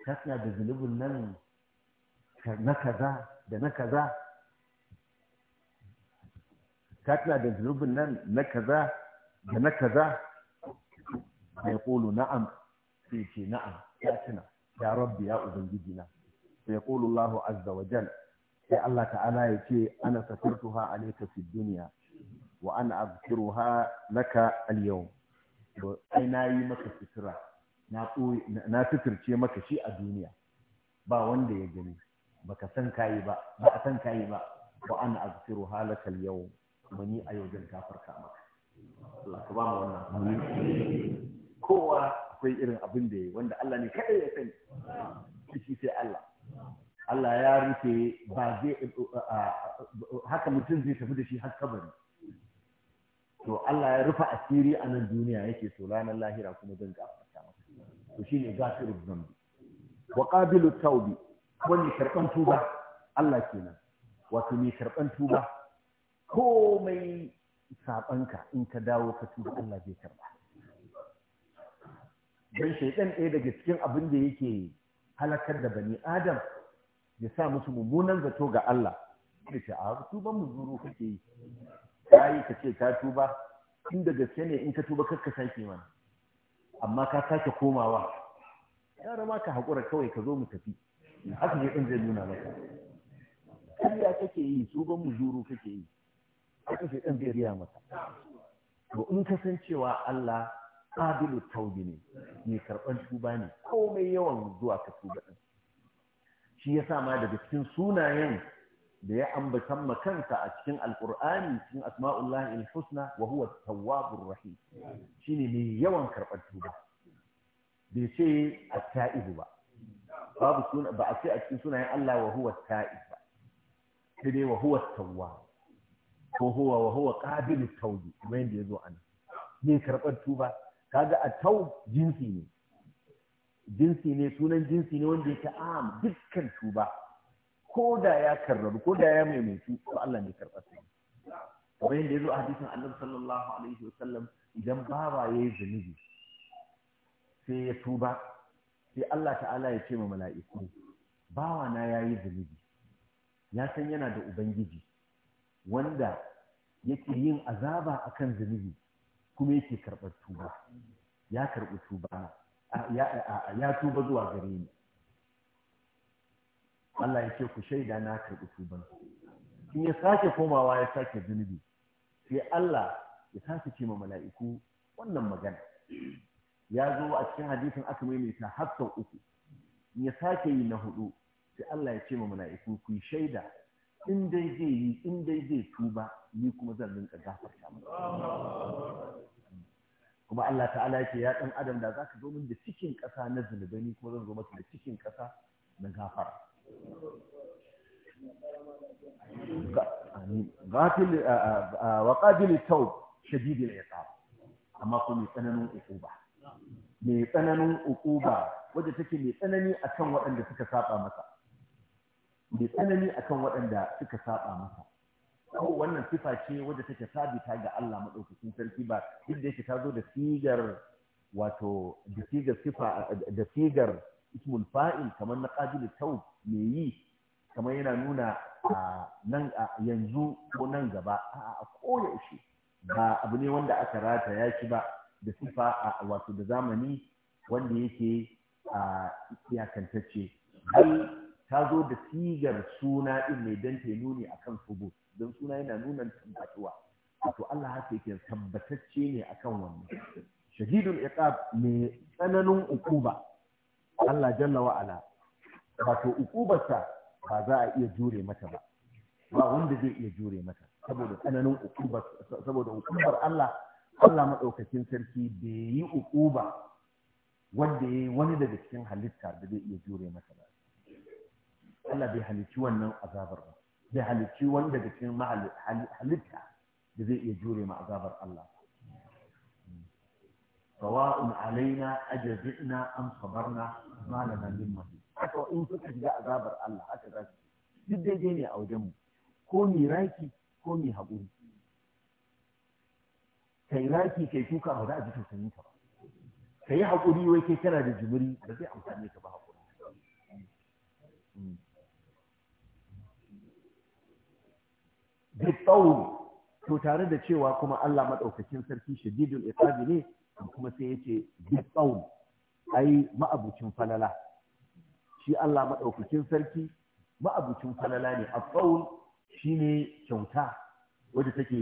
Speaker 1: kana da zunubin nan na kaza da na kaza kana da zunubin nan na kaza da na kaza ya kulu na'am sai ce na'am ya tuna ya rabbi ya ubangiji na sai kulu Allahu azza wa jalla sai Allah ta'ala ya ce ana safartuha alayka fid duniya. wa ana abkiruha laka al-yawm to ai nayi maka sutura na na suturce maka shi a duniya ba wanda ya gani baka san kayi ba ba a san kayi ba wa ana abkiruha laka al-yawm ni a yau zan kafarta maka Allah ka ba mu wannan kowa akwai irin abin da ya wanda Allah ne kadai ya sani shi sai Allah Allah ya rufe ba zai haka mutum zai tafi da shi har kabari to Allah ya rufa asiri a nan duniya yake to ranar lahira kuma zan gafarta masa to shine gafirul zambi wa qabilu tawbi wani karban tuba Allah kenan wato mai karban tuba komai sabanka in ka dawo ka tuba Allah zai karba dan shaytan ɗaya daga cikin abin da yake halakar da bani adam ya sa musu mummunan zato ga Allah kace a tuban mu zuru kake yi Ya yi ka ce ka tuba in da gaske ne in ka tuba kar ka sake mana amma ka sake komawa Ya rama ka haƙura kawai ka zo mu tafi haka ne ɗin zai nuna maka kariya kake yi tsogon mu zuru kake yi haka sai ɗin zai riya maka to in ka san cewa Allah qabilu tawbi ne mai karɓar tuba ne komai yawan zuwa ka tuba shi yasa ma daga cikin sunayen da ya ambatan makansa a cikin alkur'ani cikin asma'ullahi al-husna wa huwa tawwabur rahim shine mai yawan karɓar tuba bai ce at-ta'ib ba babu suna ba a ce a cikin sunayen Allah wa huwa ta'ib ba sai dai wa huwa tawwab ko huwa wa huwa qabilu tawbi kamar yadda yazo an mai karɓar tuba kaga at-tawb jinsi ne jinsi ne sunan jinsi ne wanda yake am dukkan tuba ko da ya karraru ko da ya maimaitu ko Allah ne karɓa su
Speaker 2: kamar yadda ya zo a hadisin
Speaker 1: annabi sallallahu alaihi wasallam idan bawa ya yi zunubi sai ya tuba sai Allah ta'ala ya ce ma mala'iku bawa na ya yi zunubi ya san yana da ubangiji wanda yake yin azaba a kan zunubi kuma yake karɓar tuba ya karɓi tuba ya tuba zuwa gare ni Allah ya ce ku shaida na karɓi tuban in ya sake komawa ya sake zunubi sai Allah ya sake ce ma mala'iku wannan magana ya zo a cikin hadisin aka maimaita har sau uku in ya sake yi na hudu sai Allah ya ce ma mala'iku ku shaida in dai zai yi in dai zai tuba ni kuma zan rinka
Speaker 2: gafarta masa kuma Allah ta'ala ya ce ya dan
Speaker 1: adam da zaka zo min da cikin kasa na zunubai ni kuma zan zo maka da cikin ƙasa na gafara غافل وقابل التوب شديد العقاب amma ko mai tsananin ukuba mai tsananin وجه تكي take mai tsanani akan waɗanda suka مسا masa mai tsanani akan waɗanda سابا مسا masa ko wannan sifa ce wadda take sabita ga Allah madaukakin sarki ba duk da yake ta zo da sigar wato da sigar sifa da sigar ismul fa'il kamar na qadil ta'u me yi kamar yana nuna nan yanzu ko nan gaba a koyaushe ba abu ne wanda aka rataya shi ba da sifa wato da zamani wanda yake a iyakantacce ai ta zo da sigar suna din mai dan nuni akan subu don suna yana nuna tabbatuwa To Allah haka yake tabbatacce ne akan wannan shahidul iqab mai tsananin ukuba Allah jalla wa ala wato ukubarsa ba za a iya jure mata ba ba wanda zai iya jure mata saboda tsananin ukubar saboda ukubar Allah Allah madaukakin sarki bai yi ukuba wanda yayi wani daga cikin halitta da zai iya jure mata ba Allah bai halicci wannan azabar ba bai halicci wani daga cikin halitta da zai iya jure ma azabar Allah sawa'un alaina ajazina am sabarna ma lana min mafi haka in suka shiga azabar Allah haka za su duk ne a wajen mu ko mi raki ko mi haƙuri kai raki kai kuka ba za a ji tausayin ka ba ka yi haƙuri wai kai kana da jimiri ba zai amfani ka ba haƙuri bi to tare da cewa kuma Allah maɗaukacin sarki shadidul iqabi ne kuma sai ya ce bisawun ai ma'abucin falala shi Allah maɗaukakin sarki ma'abucin falala ne asawun shi ne kyauta wadda take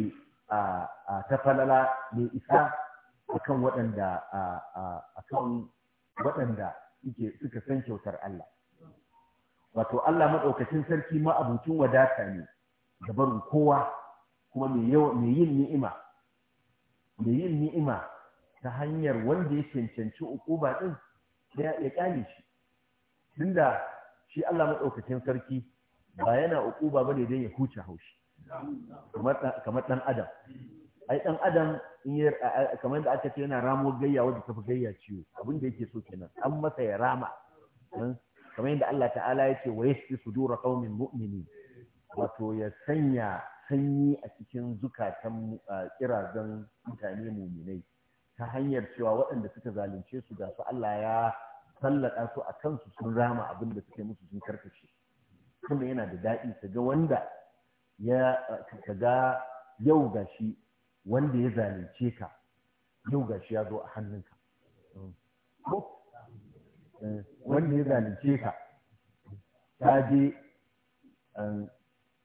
Speaker 1: ta falala mai isa akan waɗanda akan waɗanda suka san kyautar Allah wato Allah maɗaukacin sarki ma'abucin wadata ne gabarin kowa kuma mai yin ni'ima mai yin ni'ima ta hanyar wanda ya cancanci ukuba din sai ya kyale shi tunda shi Allah madaukakin sarki ba yana ukuba bane dan ya huce haushi kamar kamar dan adam ai dan adam in ya kamar da aka ce yana ramo gayya wanda tafi gayya ciwo abin da yake so kenan an masa ya rama kamar yadda Allah ta'ala ya ce wa yashfi sudura qaumin mu'minin wato ya sanya sanyi a cikin zukatan kirazan mutane muminai ta hanyar cewa waɗanda suka zalunce su ga su Allah ya sallaka su a kansu sun rama abin da suke musu sun karkace kuma yana da daɗi ka ga wanda ya ka ga yau gashi wanda ya zalunce ka yau gashi ya zo a hannunka wanda ya zalunce ka ta je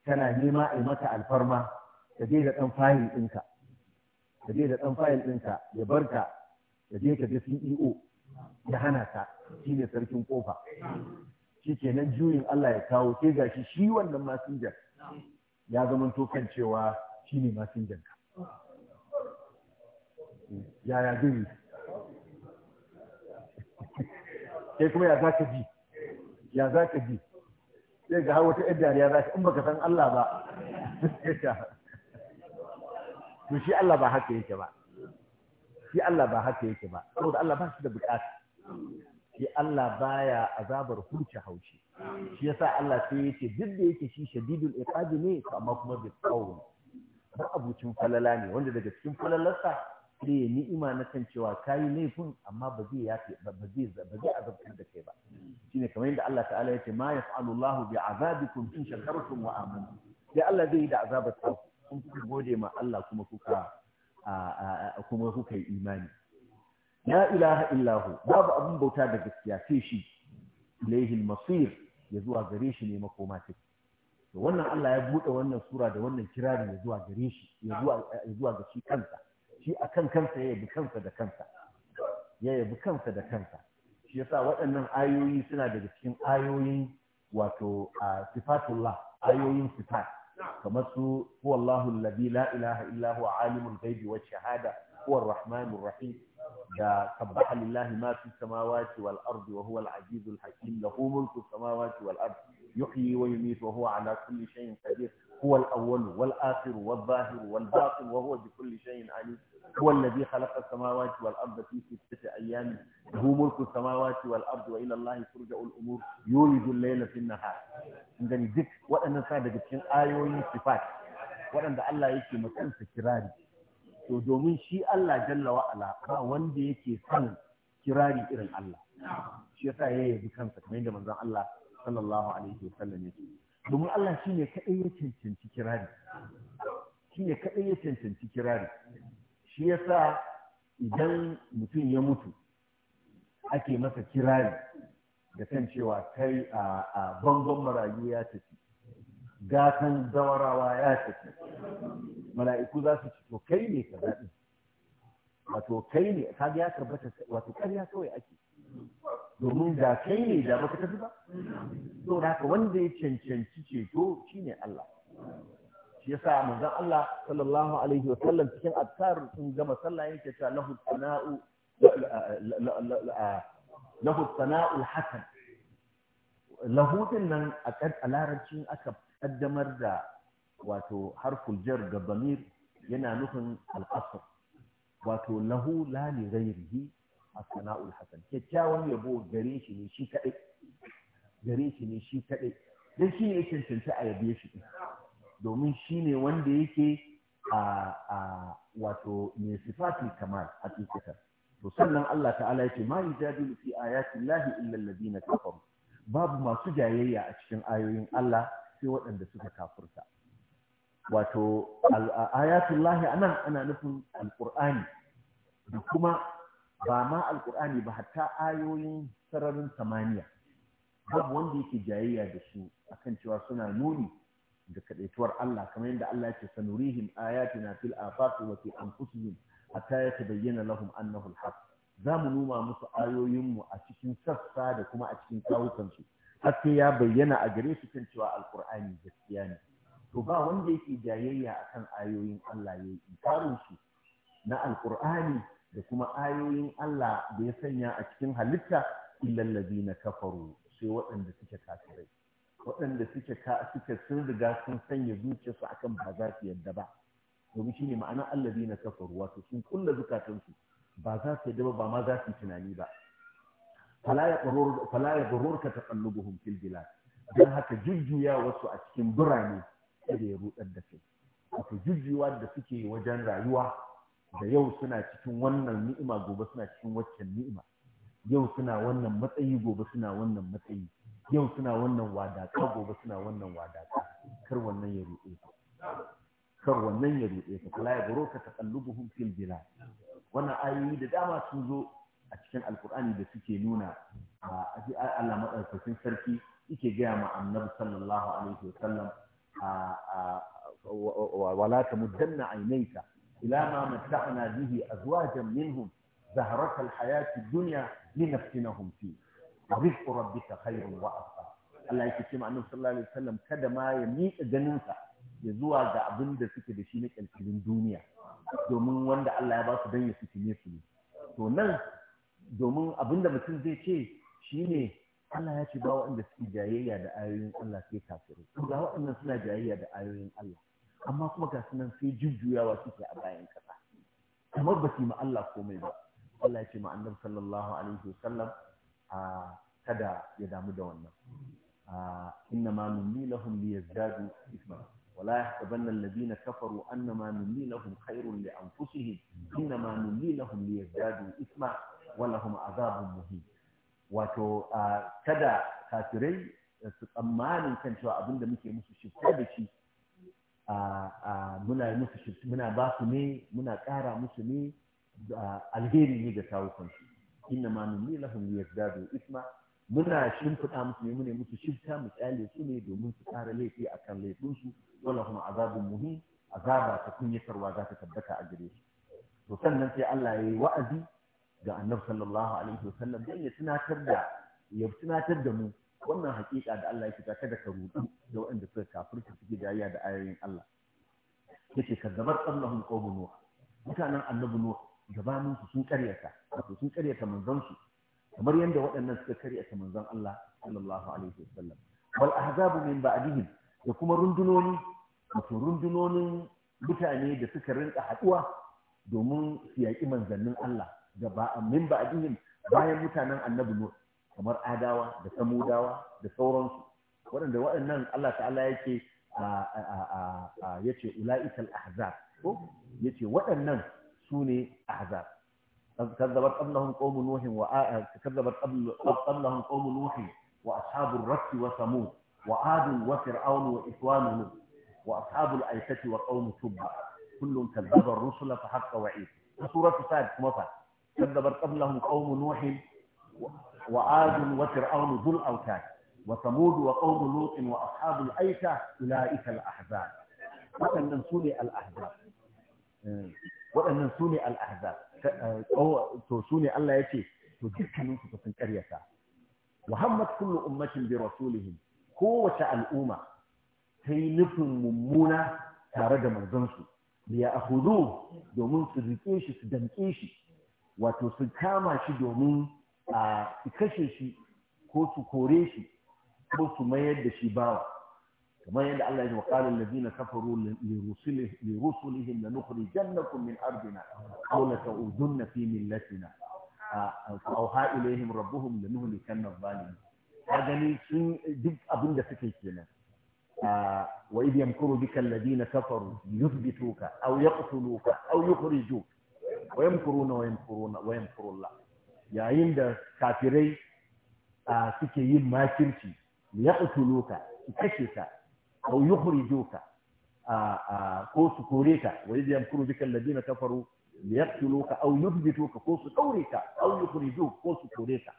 Speaker 1: tana eh, nema a maka alfarma ka je da ɗan fahim ɗinka ka je da ɗan fayil ɗinka ya barka ka je ka ga CEO ya hana ka ne sarkin kofa shi kenan juyin Allah ya kawo sai gashi shi wannan masinjar ya zama to kan cewa ne masinjar ka
Speaker 3: yaya zai sai (laughs) kuma ya za ka ji ya za ka ji sai ga
Speaker 1: ta yadda ya za ka in baka san Allah
Speaker 2: ba
Speaker 1: (laughs) to shi Allah ba haka yake ba shi Allah ba haka yake ba saboda Allah ba shi da bukata shi Allah baya azabar huce haushi shi yasa Allah sai yake duk da yake shi shadidul iqab ne amma kuma bi qawl ba abucin falala ne wanda daga cikin falalarsa sai ya ni'ima na kan cewa kayi laifin amma ba zai yafi ba zai ba zai azabtar da kai ba shine kamar yadda Allah ta'ala yace ma yaf'alu Allahu bi azabikum in shakartum wa amantum sai Allah zai yi da azabar ku kun kuka gode ma Allah kuma kuka kuma kuka yi imani la ilaha illahu babu abin bauta da gaskiya sai shi ilaihi masir ya zuwa gare shi ne makoma take to wannan Allah ya bude wannan sura da wannan kirari ya zuwa gare shi ya zuwa ya zuwa ga shi kansa shi akan kansa ya yabi kansa da kansa ya yabi kansa da kansa shi yasa waɗannan ayoyi suna daga cikin ayoyin wato sifatullah ayoyin sifat kamar su huwa alladhi la ilaha illa huwa alimul ghaibi wash shahada huwa arrahmanur rahim da sabbaha lillahi ma fis samawati wal ardi wa huwa al azizul hakim lahu mulku samawati wal ardi يحيي ويميت وهو على كل شيء قدير هو الأول والآخر والظاهر والباطن وهو بكل شيء عليم هو الذي خلق السماوات والأرض في ستة أيام له ملك السماوات والأرض وإلى الله ترجع الأمور يولد الليل في النهار إذا ذك وأنا صادق cikin ayoyin sifat waɗanda Allah yake makansa kirari to domin shi Allah jalla wa ala ba wanda yake son kirari irin Allah shi yasa ya yabi kansa kamar yadda manzon Allah sallallahu alaihi wa sallam yake domin Allah shine kadai ya cancanci kirari shine kadai ya cancanci kirari shi yasa idan mutum ya mutu ake masa kirari da kan cewa kai a bangon marayu ya tafi gatan zawarawa ya tafi mala'iku za su ci to kai ne ka zaɓi wato kai ne kaga ya tabbata wato ƙarya kawai ake domin da kai ne da baka tafi ba to da haka wanda ya cancanci ceto shine Allah shi yasa manzon Allah sallallahu alaihi wa sallam cikin azkar sun gama sallah yake cewa lahu sana'u lahu hasan lahu din nan a kad alarabcin aka kaddamar da wato harful jar ga yana nufin al wato lahu la li ghairihi asana'ul sanaul hasan kyakkyawan yabo gare shi ne shi kadai gare shi ne shi kadai dan shi ne cancanta a yabe shi domin shi ne wanda yake a a wato ne sifatul kamal hakikatan to sannan Allah ta'ala yake ma yujadilu fi ayati llahi illa alladhina kafaru babu masu jayayya a cikin ayoyin Allah sai waɗanda suka kafurta wato ayatullahi anan ana nufin alqur'ani da kuma ba ma alkur'ani ba hatta ayoyin sararin samaniya babu wanda yake jayayya da su akan cewa suna nuni da kadaituwar Allah kamar yadda Allah yake sanurihim ayatina fil afaqi wa fi anfusihim hatta yatabayyana lahum annahu al-haq zamu numa musu ayoyin mu a cikin sassa da kuma a cikin kawukan su har sai ya bayyana a gare su kan cewa alkur'ani gaskiya ne to ba wanda yake jayayya akan ayoyin Allah yayi karin shi na alkur'ani da kuma ayoyin Allah da ya sanya a cikin halitta illallazi na kafaru sai waɗanda suke kafirai waɗanda suke suke sun riga sun sanya zuciyarsu akan ba za su yadda ba domin shine ma'ana allazi na kafaru wato sun kulla zukatansu ba za su yadda ba ba ma za su yi tunani ba fala ya gurur ka taqallubuhum fil bilad dan haka jujjuya wasu a cikin birane sai ya rudar da kai wato jujjuwa da suke wajen rayuwa da yau suna cikin wannan ni'ima gobe suna cikin waccan ni'ima yau suna wannan matsayi gobe suna wannan matsayi yau suna wannan wadaka gobe suna wannan wadaka kar wannan ya ruɗe ka kar wannan ya ruɗe ka kula ya goro ka taqallubuhum fil bila wannan ayoyi da dama sun zo a cikin alkur'ani da suke nuna a Allah madaukakin sarki yake gaya ma annabi sallallahu alaihi wasallam wala tamuddanna ainaka إلى ما متعنا به أزواجا منهم زهرة الحياة الدنيا لنفتنهم فيه ورزق ربك خير وأبقى Allah yake ce ma sallallahu alaihi wasallam kada ma ya miƙa ganinsa ya zuwa ga abin da suke da shi na kalkirin duniya domin wanda Allah ya ba su dan ya fitine su ne to nan domin abin da mutum zai ce shine Allah ya ce ba waɗanda suke jayayya da ayoyin Allah sai kafiru ga waɗannan suna jayayya da ayoyin Allah amma kuma ga sunan sai jujjuyawa suke a bayan ƙasa kamar ba su ma Allah komai ba Allah ya ce ma annabi sallallahu alaihi wasallam a kada ya damu da wannan inna ma numli lahum liyazdadu isma wala yahsabanna alladhina kafaru annama numli lahum khairun li anfusihim inna ma numli lahum liyazdadu isma Wala lahum azabun muhin wato kada kafirai su tsammanin kan cewa abinda muke musu shirka da shi muna musu muna ba su ne muna ƙara musu ne alheri ne ga kawukan su inna ma nuni lahum liyazdadu isma muna shimfiɗa musu ne musu shifta mu tsale su ne domin su ƙara laifi akan laifin su wala kuma azabun muhim azaba ta kunyatarwa za ta tabbata a gare su to sannan sai Allah ya yi wa'azi ga annabi sallallahu alaihi wasallam dan ya tunatar da ya tunatar da mu wannan hakika da Allah yake kada ka rudu da waɗanda suka kafirta suke jayya da ayoyin Allah yace kadzabat annahum qawmun nuh mutanen annabi nuh gabanin su sun karyata wato sun karyata manzon su kamar yadda waɗannan suka karyata manzon Allah sallallahu alaihi wasallam wal ahzabu min ba'dihim da kuma rundunoni wato rundunonin mutane da suka rinka haɗuwa domin su yaƙi manzannin Allah gaba min ba'dihim bayan mutanen annabi nuh kamar adawa da samudawa da sauransu waɗanda waɗannan Allah ta'ala yake ya ce ula'ikal ahzab ko ya ce waɗannan su ne ahzab kazzabat qablahum qawmu nuhin wa kazzabat qablahum qawmu nuhin wa ashabur rasi wa samud wa adu wa fir'aun wa ikhwanuhum wa ashabul aikati wa qawmu tubba kullum kazzaba ar-rusula fa haqqa wa'id suratu sad kuma fa kazzabat qablahum qawmu nuhin وعاد وفرعون ذو الأوتاد وثمود وقوم لوط وأصحاب الأيكة أولئك الأحزاب وأن ننسوني الأحزاب وأن ننسوني الأحزاب أو توسوني الله يتي تذكر منكم تكون قرية وهمت كل أمة برسولهم قوة الأمة هي نفهم ممونة تارد من ذنسو ليأخذوه دومون سرقيش سدنقيش وتسكامش دومون a kashe shi ko su kore shi ko su mayar da shi bawa kamar yadda Allah ya ce wa qala allazina kafaru li rusulihim lanukhrijannakum min ardina aw la ta'udunna fi millatina aw ha ilaihim rabbuhum lanuhlikanna adh-dhalimin ka gani sun duk abin da suke kenan wa idh yamkuru bika alladhina kafaru yuthbituka aw yaqtuluka aw yukhrijuka wa yamkuruna wa yamkuruna wa yamkuru Allah yayin da kafirai suke yin makirci ya ƙutulu ka su kashe ka yi yukhrijo ka ko su kore ka wa idh yamkuru bika alladhina kafaru yi aw yuthbituka ko su daure ka aw ko su kore ka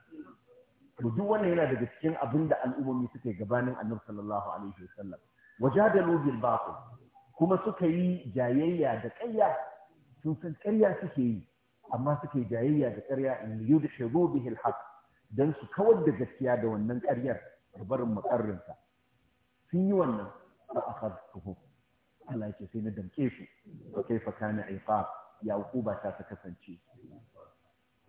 Speaker 1: to duk wannan yana daga cikin abin da al'ummomi suke gabanin annabi sallallahu alaihi wasallam wajadalu bil batil kuma suka yi jayayya da ƙarya sun san ƙarya suke yi amma suke jayayya da ƙarya in yudhidu bihi al dan su kawar da gaskiya da wannan ƙaryar da barin makarrinsa sun yi wannan fa akhadtuhu Allah yake sai na damke shi fa kaifa kana iqab ya uquba ta ta kasance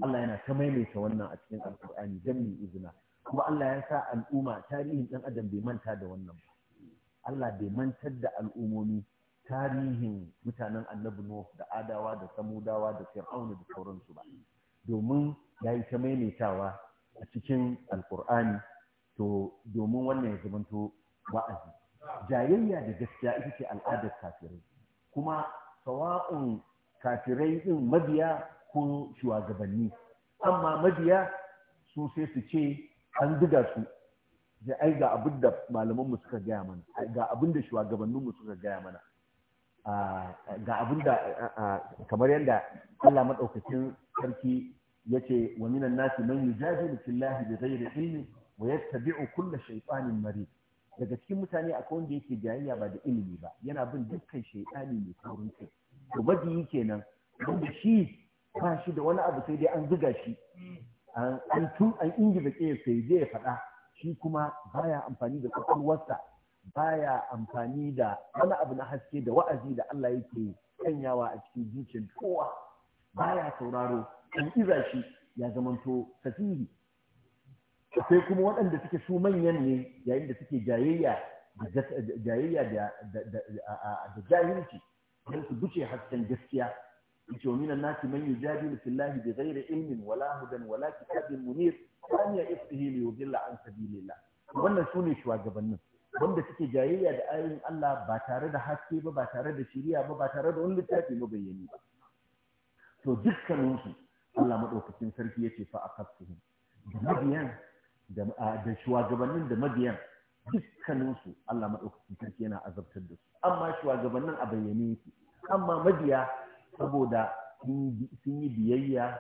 Speaker 1: Allah yana ta maimaita wannan a cikin alƙur'ani dan mai izina kuma Allah ya sa al'umma tarihin ɗan adam bai manta da wannan ba Allah bai mantar da al'umomi tarihin mutanen annabi Nuh da Adawa da Samudawa da Fir'auna da sauransu ba domin ya yi ta maimaitawa a cikin alkur'ani to domin wannan ya zamanto wa'azi jayayya da gaskiya ita ce al'adar kafirai kuma sawa'un kafirai din mabiya ko shugabanni amma mabiya su sai su ce an diga su ai ga abin da mu suka gaya mana ga abin da shugabanninmu suka gaya mana ga abin da kamar yadda Allah madaukakin sarki yace wa minan nasi man yujadilu fillahi ghairi ilmi wa yattabi'u kulla shaytanin marid daga cikin mutane akwai wanda yake jayayya ba da ilimi ba yana bin dukkan shaytani mai saurin kai to baji kenan wanda shi ba shi da wani abu sai dai an zuga shi an tun an ingiza ke sai zai faɗa shi kuma baya amfani da kwakwalwarsa baya amfani da wani abu na haske da wa'azi da Allah yake kanyawa a cikin zuciyar kowa baya sauraro an iza shi ya zamanto safihi sai kuma waɗanda suke su manyan ne yayin da suke jayayya jayayya da jahilci don su guce hasken gaskiya yace min annasi man yujadilu fillahi bighairi ilmin wala hudan wala kitabin munir kan ya iftihi yudilla an sabilillah wannan sune shugabannin wanda suke jayayya da ayoyin Allah ba tare da haske ba ba tare da shiriya ba ba tare da wani littafi mabayyani ba to dukkanin su Allah madaukakin sarki yace fa akasuhu da mabiyan da da shugabannin da mabiyan dukkanin su Allah madaukakin sarki yana azabtar da su amma shugabannin a bayyane yake amma mabiya saboda sun yi biyayya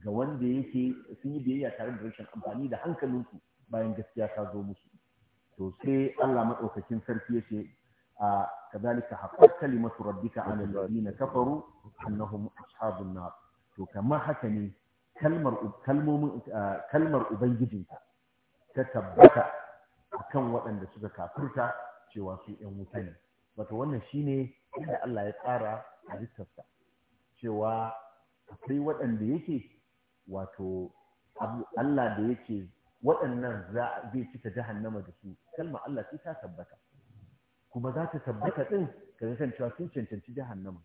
Speaker 1: ga wanda yake sun yi biyayya tare da rashin amfani da hankalinsu bayan gaskiya ta zo musu to sai Allah madaukakin sarki yace a kadhalika haqqat kalimatu rabbika 'ala alladhina kafaru annahum ashabun nar to kamar haka ne kalmar kalmomin kalmar ubangijinka ta tabbata akan waɗanda suka kafirta cewa su ƴan wuta ne wato wannan shine inda Allah ya tsara halittarsa cewa akwai waɗanda yake wato Allah da yake waɗannan za zai cika jahannama da su kalma Allah sai ta tabbata kuma za ta tabbata din ka kan cewa sun cancanci jahannama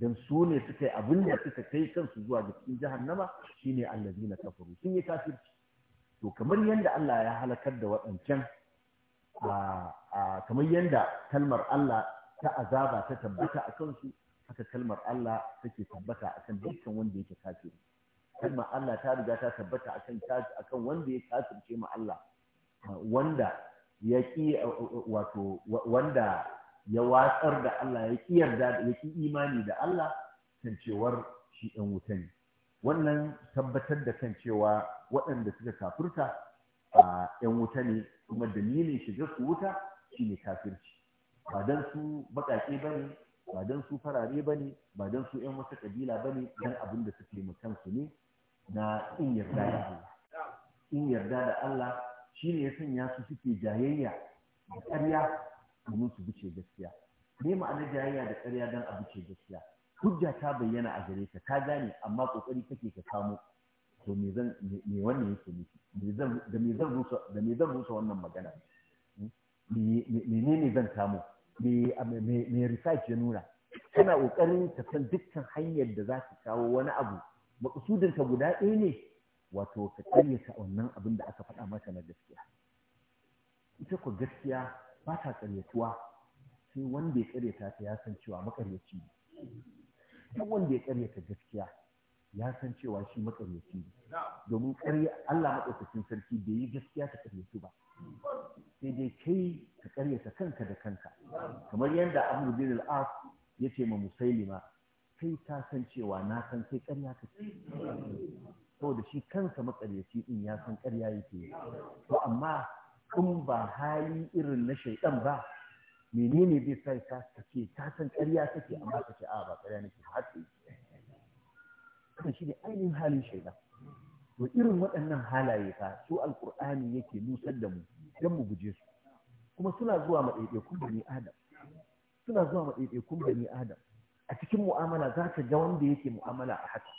Speaker 1: dan su ne suka yi abin da suka kai kansu zuwa ga cikin jahannama shine allazina kafaru sun yi kafirci to kamar yanda Allah ya halakar da waɗancan a kamar yanda kalmar Allah ta azaba ta tabbata a kansu haka kalmar Allah take tabbata akan dukkan wanda yake kafiri kalmar Allah ta riga ta tabbata akan akan wanda ya kafirce ma Allah wanda ya ki wato wanda ya watsar da Allah ya ki yarda ya ki imani da Allah kan cewar shi ɗan wuta ne wannan tabbatar da kan cewa waɗanda suka kafirta a ‘yan wuta ne kuma dalilin shiga su wuta shine kafirci ba don su baƙaƙe ba ne ba don su farare ba ba don su ‘yan wata ƙabila bane, ne abinda abin da suke ne na in yarda da
Speaker 2: Allah
Speaker 1: in yarda da Allah shi ne ya sanya su suke jayayya
Speaker 2: da ƙarya
Speaker 1: domin su bice gaskiya ne ma'anar jayayya da ƙarya don a bice gaskiya hujja ta bayyana a gare ka ka gane amma ƙoƙari kake ka samu. to me zan me wannan yake nufi me zan da me zan rusa da me zan rusa wannan magana hmm? zan samu? me me research ya nuna kana ƙoƙarin ka san dukkan hanyar da za ka kawo wani abu maƙasudin ka guda ɗaya ne wato ka ƙaryata wannan abin da aka faɗa maka na gaskiya ita ku gaskiya ba ta ƙaryatuwa sai wanda ya ƙaryata ta ya san cewa maƙaryaci ne duk wanda ya ƙaryata gaskiya ya san cewa shi maƙaryaci ne domin ƙarya Allah maɗaukakin sarki bai yi gaskiya ta ƙaryatu ba sai dai kai ka ƙaryata kanka da kanka kamar yadda Abu Bin ya ce ma Musailima sai ka san cewa na san sai ƙarya ka ce da shi kansa matsalaci din ya san ƙarya yake to amma in ba hali irin na shaidan ba menene bai sai ka kace ka san ƙarya kake amma ka ce a ba ƙarya nake ba haka kan shi ne ainihin halin shaidan to irin waɗannan halaye fa su alƙur'ani yake nusar da mu don mu guje su kuma suna zuwa ma ɗaiɗaikun adam a cikin mu'amala za ta ga wanda yake mu'amala a haka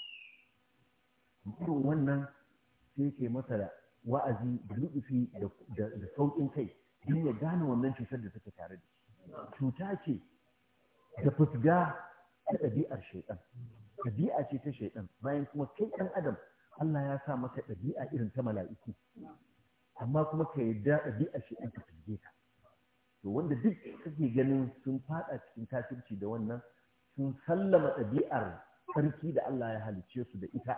Speaker 1: irin wannan sai yake masa da wa'azi da lutufi da sauƙin kai don ya gane wannan cutar da take tare da cuta ce da fusga ta ɗabi'ar shaiɗan ɗabi'a ce ta shaiɗan bayan kuma kai ɗan adam Allah ya sa maka ɗabi'a irin ta mala'iku amma kuma ka yarda ɗabi'a shaiɗan ta fusge ka to wanda duk kake ganin sun faɗa cikin kafirci da wannan sun sallama ɗabi'ar sarki da Allah ya halicce su da ita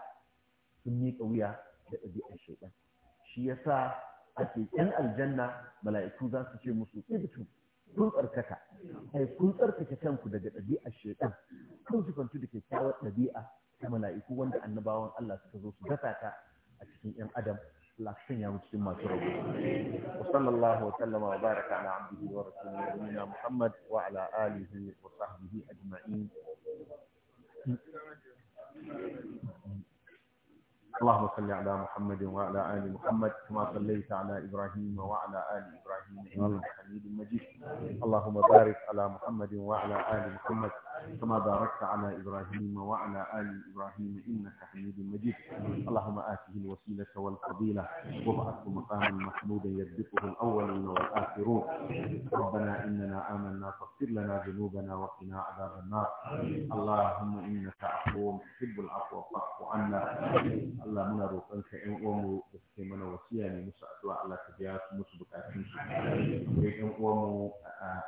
Speaker 1: sun miƙa wuya da ɗabi'ar shaidan shi ya yasa ake yan aljanna mala'iku za su ce musu ibtu kun tsarkaka ai kun tsarkake kanku daga ɗabi'ar shaidan kun sufantu da kyakkyawar ɗabi'a ta mala'iku wanda annabawan Allah suka zo su dasa ta a cikin yan adam لكن يا مسلم وصلى الله وسلم وبارك على عبده ورسوله نبينا محمد وعلى آله وصحبه أجمعين اللهم صل على محمد وعلى آل محمد كما صليت على إبراهيم وعلى آل إبراهيم إنك حميد مجيد اللهم بارك على محمد وعلى آل محمد كما باركت على إبراهيم وعلى آل إبراهيم إنك حميد مجيد اللهم آته الوسيلة والفضيلة وابعثه مقاما محمودا يربطه الأولون والآخرون ربنا إننا آمنا فاغفر لنا ذنوبنا وقنا عذاب النار اللهم إنك عفو تحب العفو فاعف عنا اللهم انك إن أمو بسكمنا وسياني مسأل على كبيات مسبقات مسبقات إن أمو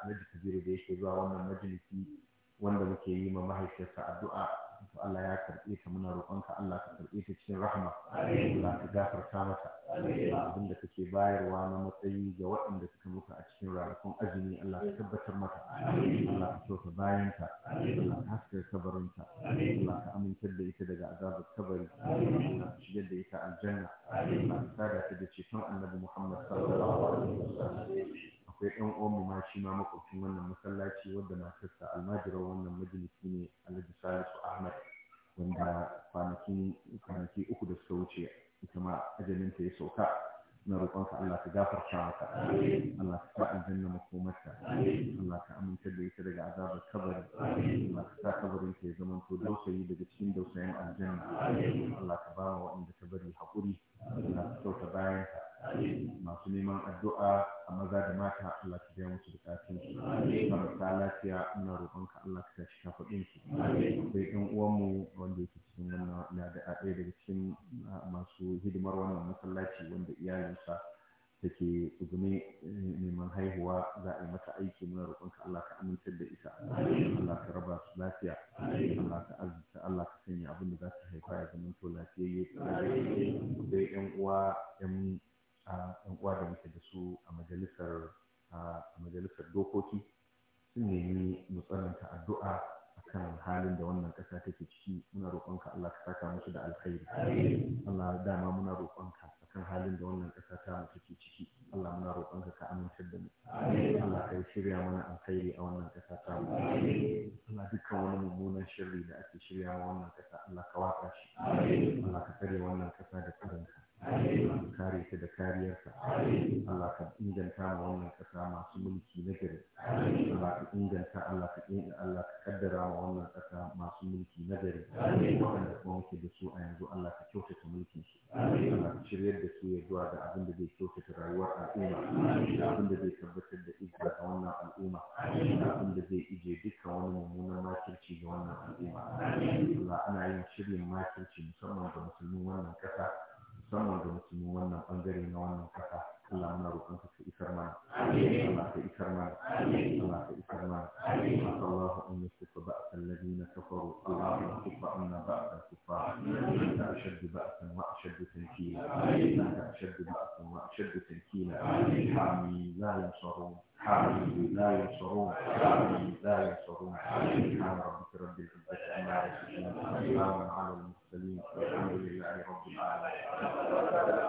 Speaker 1: نجد كبير بيش وزارنا مجلسي wanda muke yi ma mahaifiyarsa addu'a to Allah ya karɓe ta muna roƙonka Allah ka karɓe ta cikin rahama Allah ka gafarta mata abin da kake bayarwa na matsayi ga waɗanda suka mutu a cikin ranakun azumi Allah ka tabbatar mata Allah ka kyauta bayanta Allah ka haska kabarinta Allah ka amintar da ita daga azabar kabari Allah ka shigar da ita aljanna Allah ka sada ta da ceton annabi Muhammad sallallahu alaihi wasallam akwai ɗan uwanmu ma shi ma makwabcin wannan masallaci wadda matarsa almajirar wannan majalisi ne alhaji salisu ahmad wanda kwanaki kwanaki uku da suka wuce ita ma ajalinta ya sauka na roƙonka Allah ka gafarta maka Allah ka sa aljanna makomarta Allah ka aminta da ita daga azabar kabari Allah ka sa kabarin ta ya zama to dausayi daga cikin dausayin aljanna Allah ka ba wa waɗanda ta bari haƙuri Allah ka sauka bayan masu neman addu'a a maza da mata Allah ka biya musu bukatun su marasa lafiya muna rubanka Allah ka tashi faɗin su ɗan uwanmu wanda yake cikin wannan na da ɗaya daga cikin masu hidimar wannan masallaci wanda iyalinsa take tsugume eh, neman haihuwa za a yi mata aiki muna roƙonka Allah ka amintar da ita Allah ka raba su lafiya Allah ka arzika Allah ka sanya abin da za ta haifa ya zama to lafiyayye sai ɗan uwa ƴan yan uwa da muke da su a majalisar majalisar dokoki sun nemi mu tsananta addu'a akan halin da wannan ƙasa take ciki muna roƙonka Allah ka saka musu da alkhairi Allah dama muna roƙonka akan halin da wannan ƙasa ta mu take ciki Allah muna roƙonka ka aminta da mu Allah ka shirya mana alkhairi a wannan ƙasa ta mu Allah dukkan wani mummunan shirri da ake shirya wa wannan ƙasa Allah ka watsa shi Allah ka tsare wannan ƙasa da tsaronka kare ta da kariyarsa Allah ka inganta wa wannan ƙasa masu mulki na gari Allah ka inganta Allah ka Allah ka kaddara wa wannan ƙasa masu mulki na gari da kuma muke da su a yanzu Allah ka kyautata mulkin su Allah ka shiryar da su ya zuwa da abin da zai kyautata rayuwar al'umma abin da zai tabbatar da izza ga wannan al'umma abin da zai ije dukkan wani mummunan makirci ga wannan al'umma Allah ana yin shirin makirci musamman ga musulmin wannan ƙasa musamman ga musulmi wannan bangare na wannan kasa Allah muna roƙon ka isar mana Allah ka isar mana Allah ka isar mana Allah an yasfa ba'sa alladhina kafaru Allah an yasfa anna ba'sa الكفار أنت أشد بأسا وأشد تنكيلا أنت أشد بأسا وأشد تنكيلا حامي لا ينصرون حامي لا ينصرون حامي لا ينصرون سبحان ربك رب العزة عما يصفون سلام على المرسلين المرسلين والحمد لله رب
Speaker 2: العالمين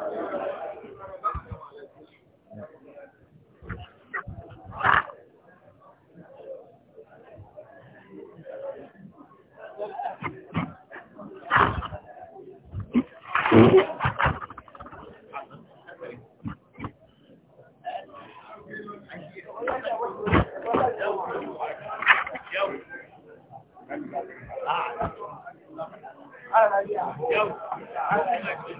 Speaker 3: Thank you.
Speaker 2: Yeah. Yeah. Yeah. Yeah. Yeah. Yeah. Yeah. Yeah.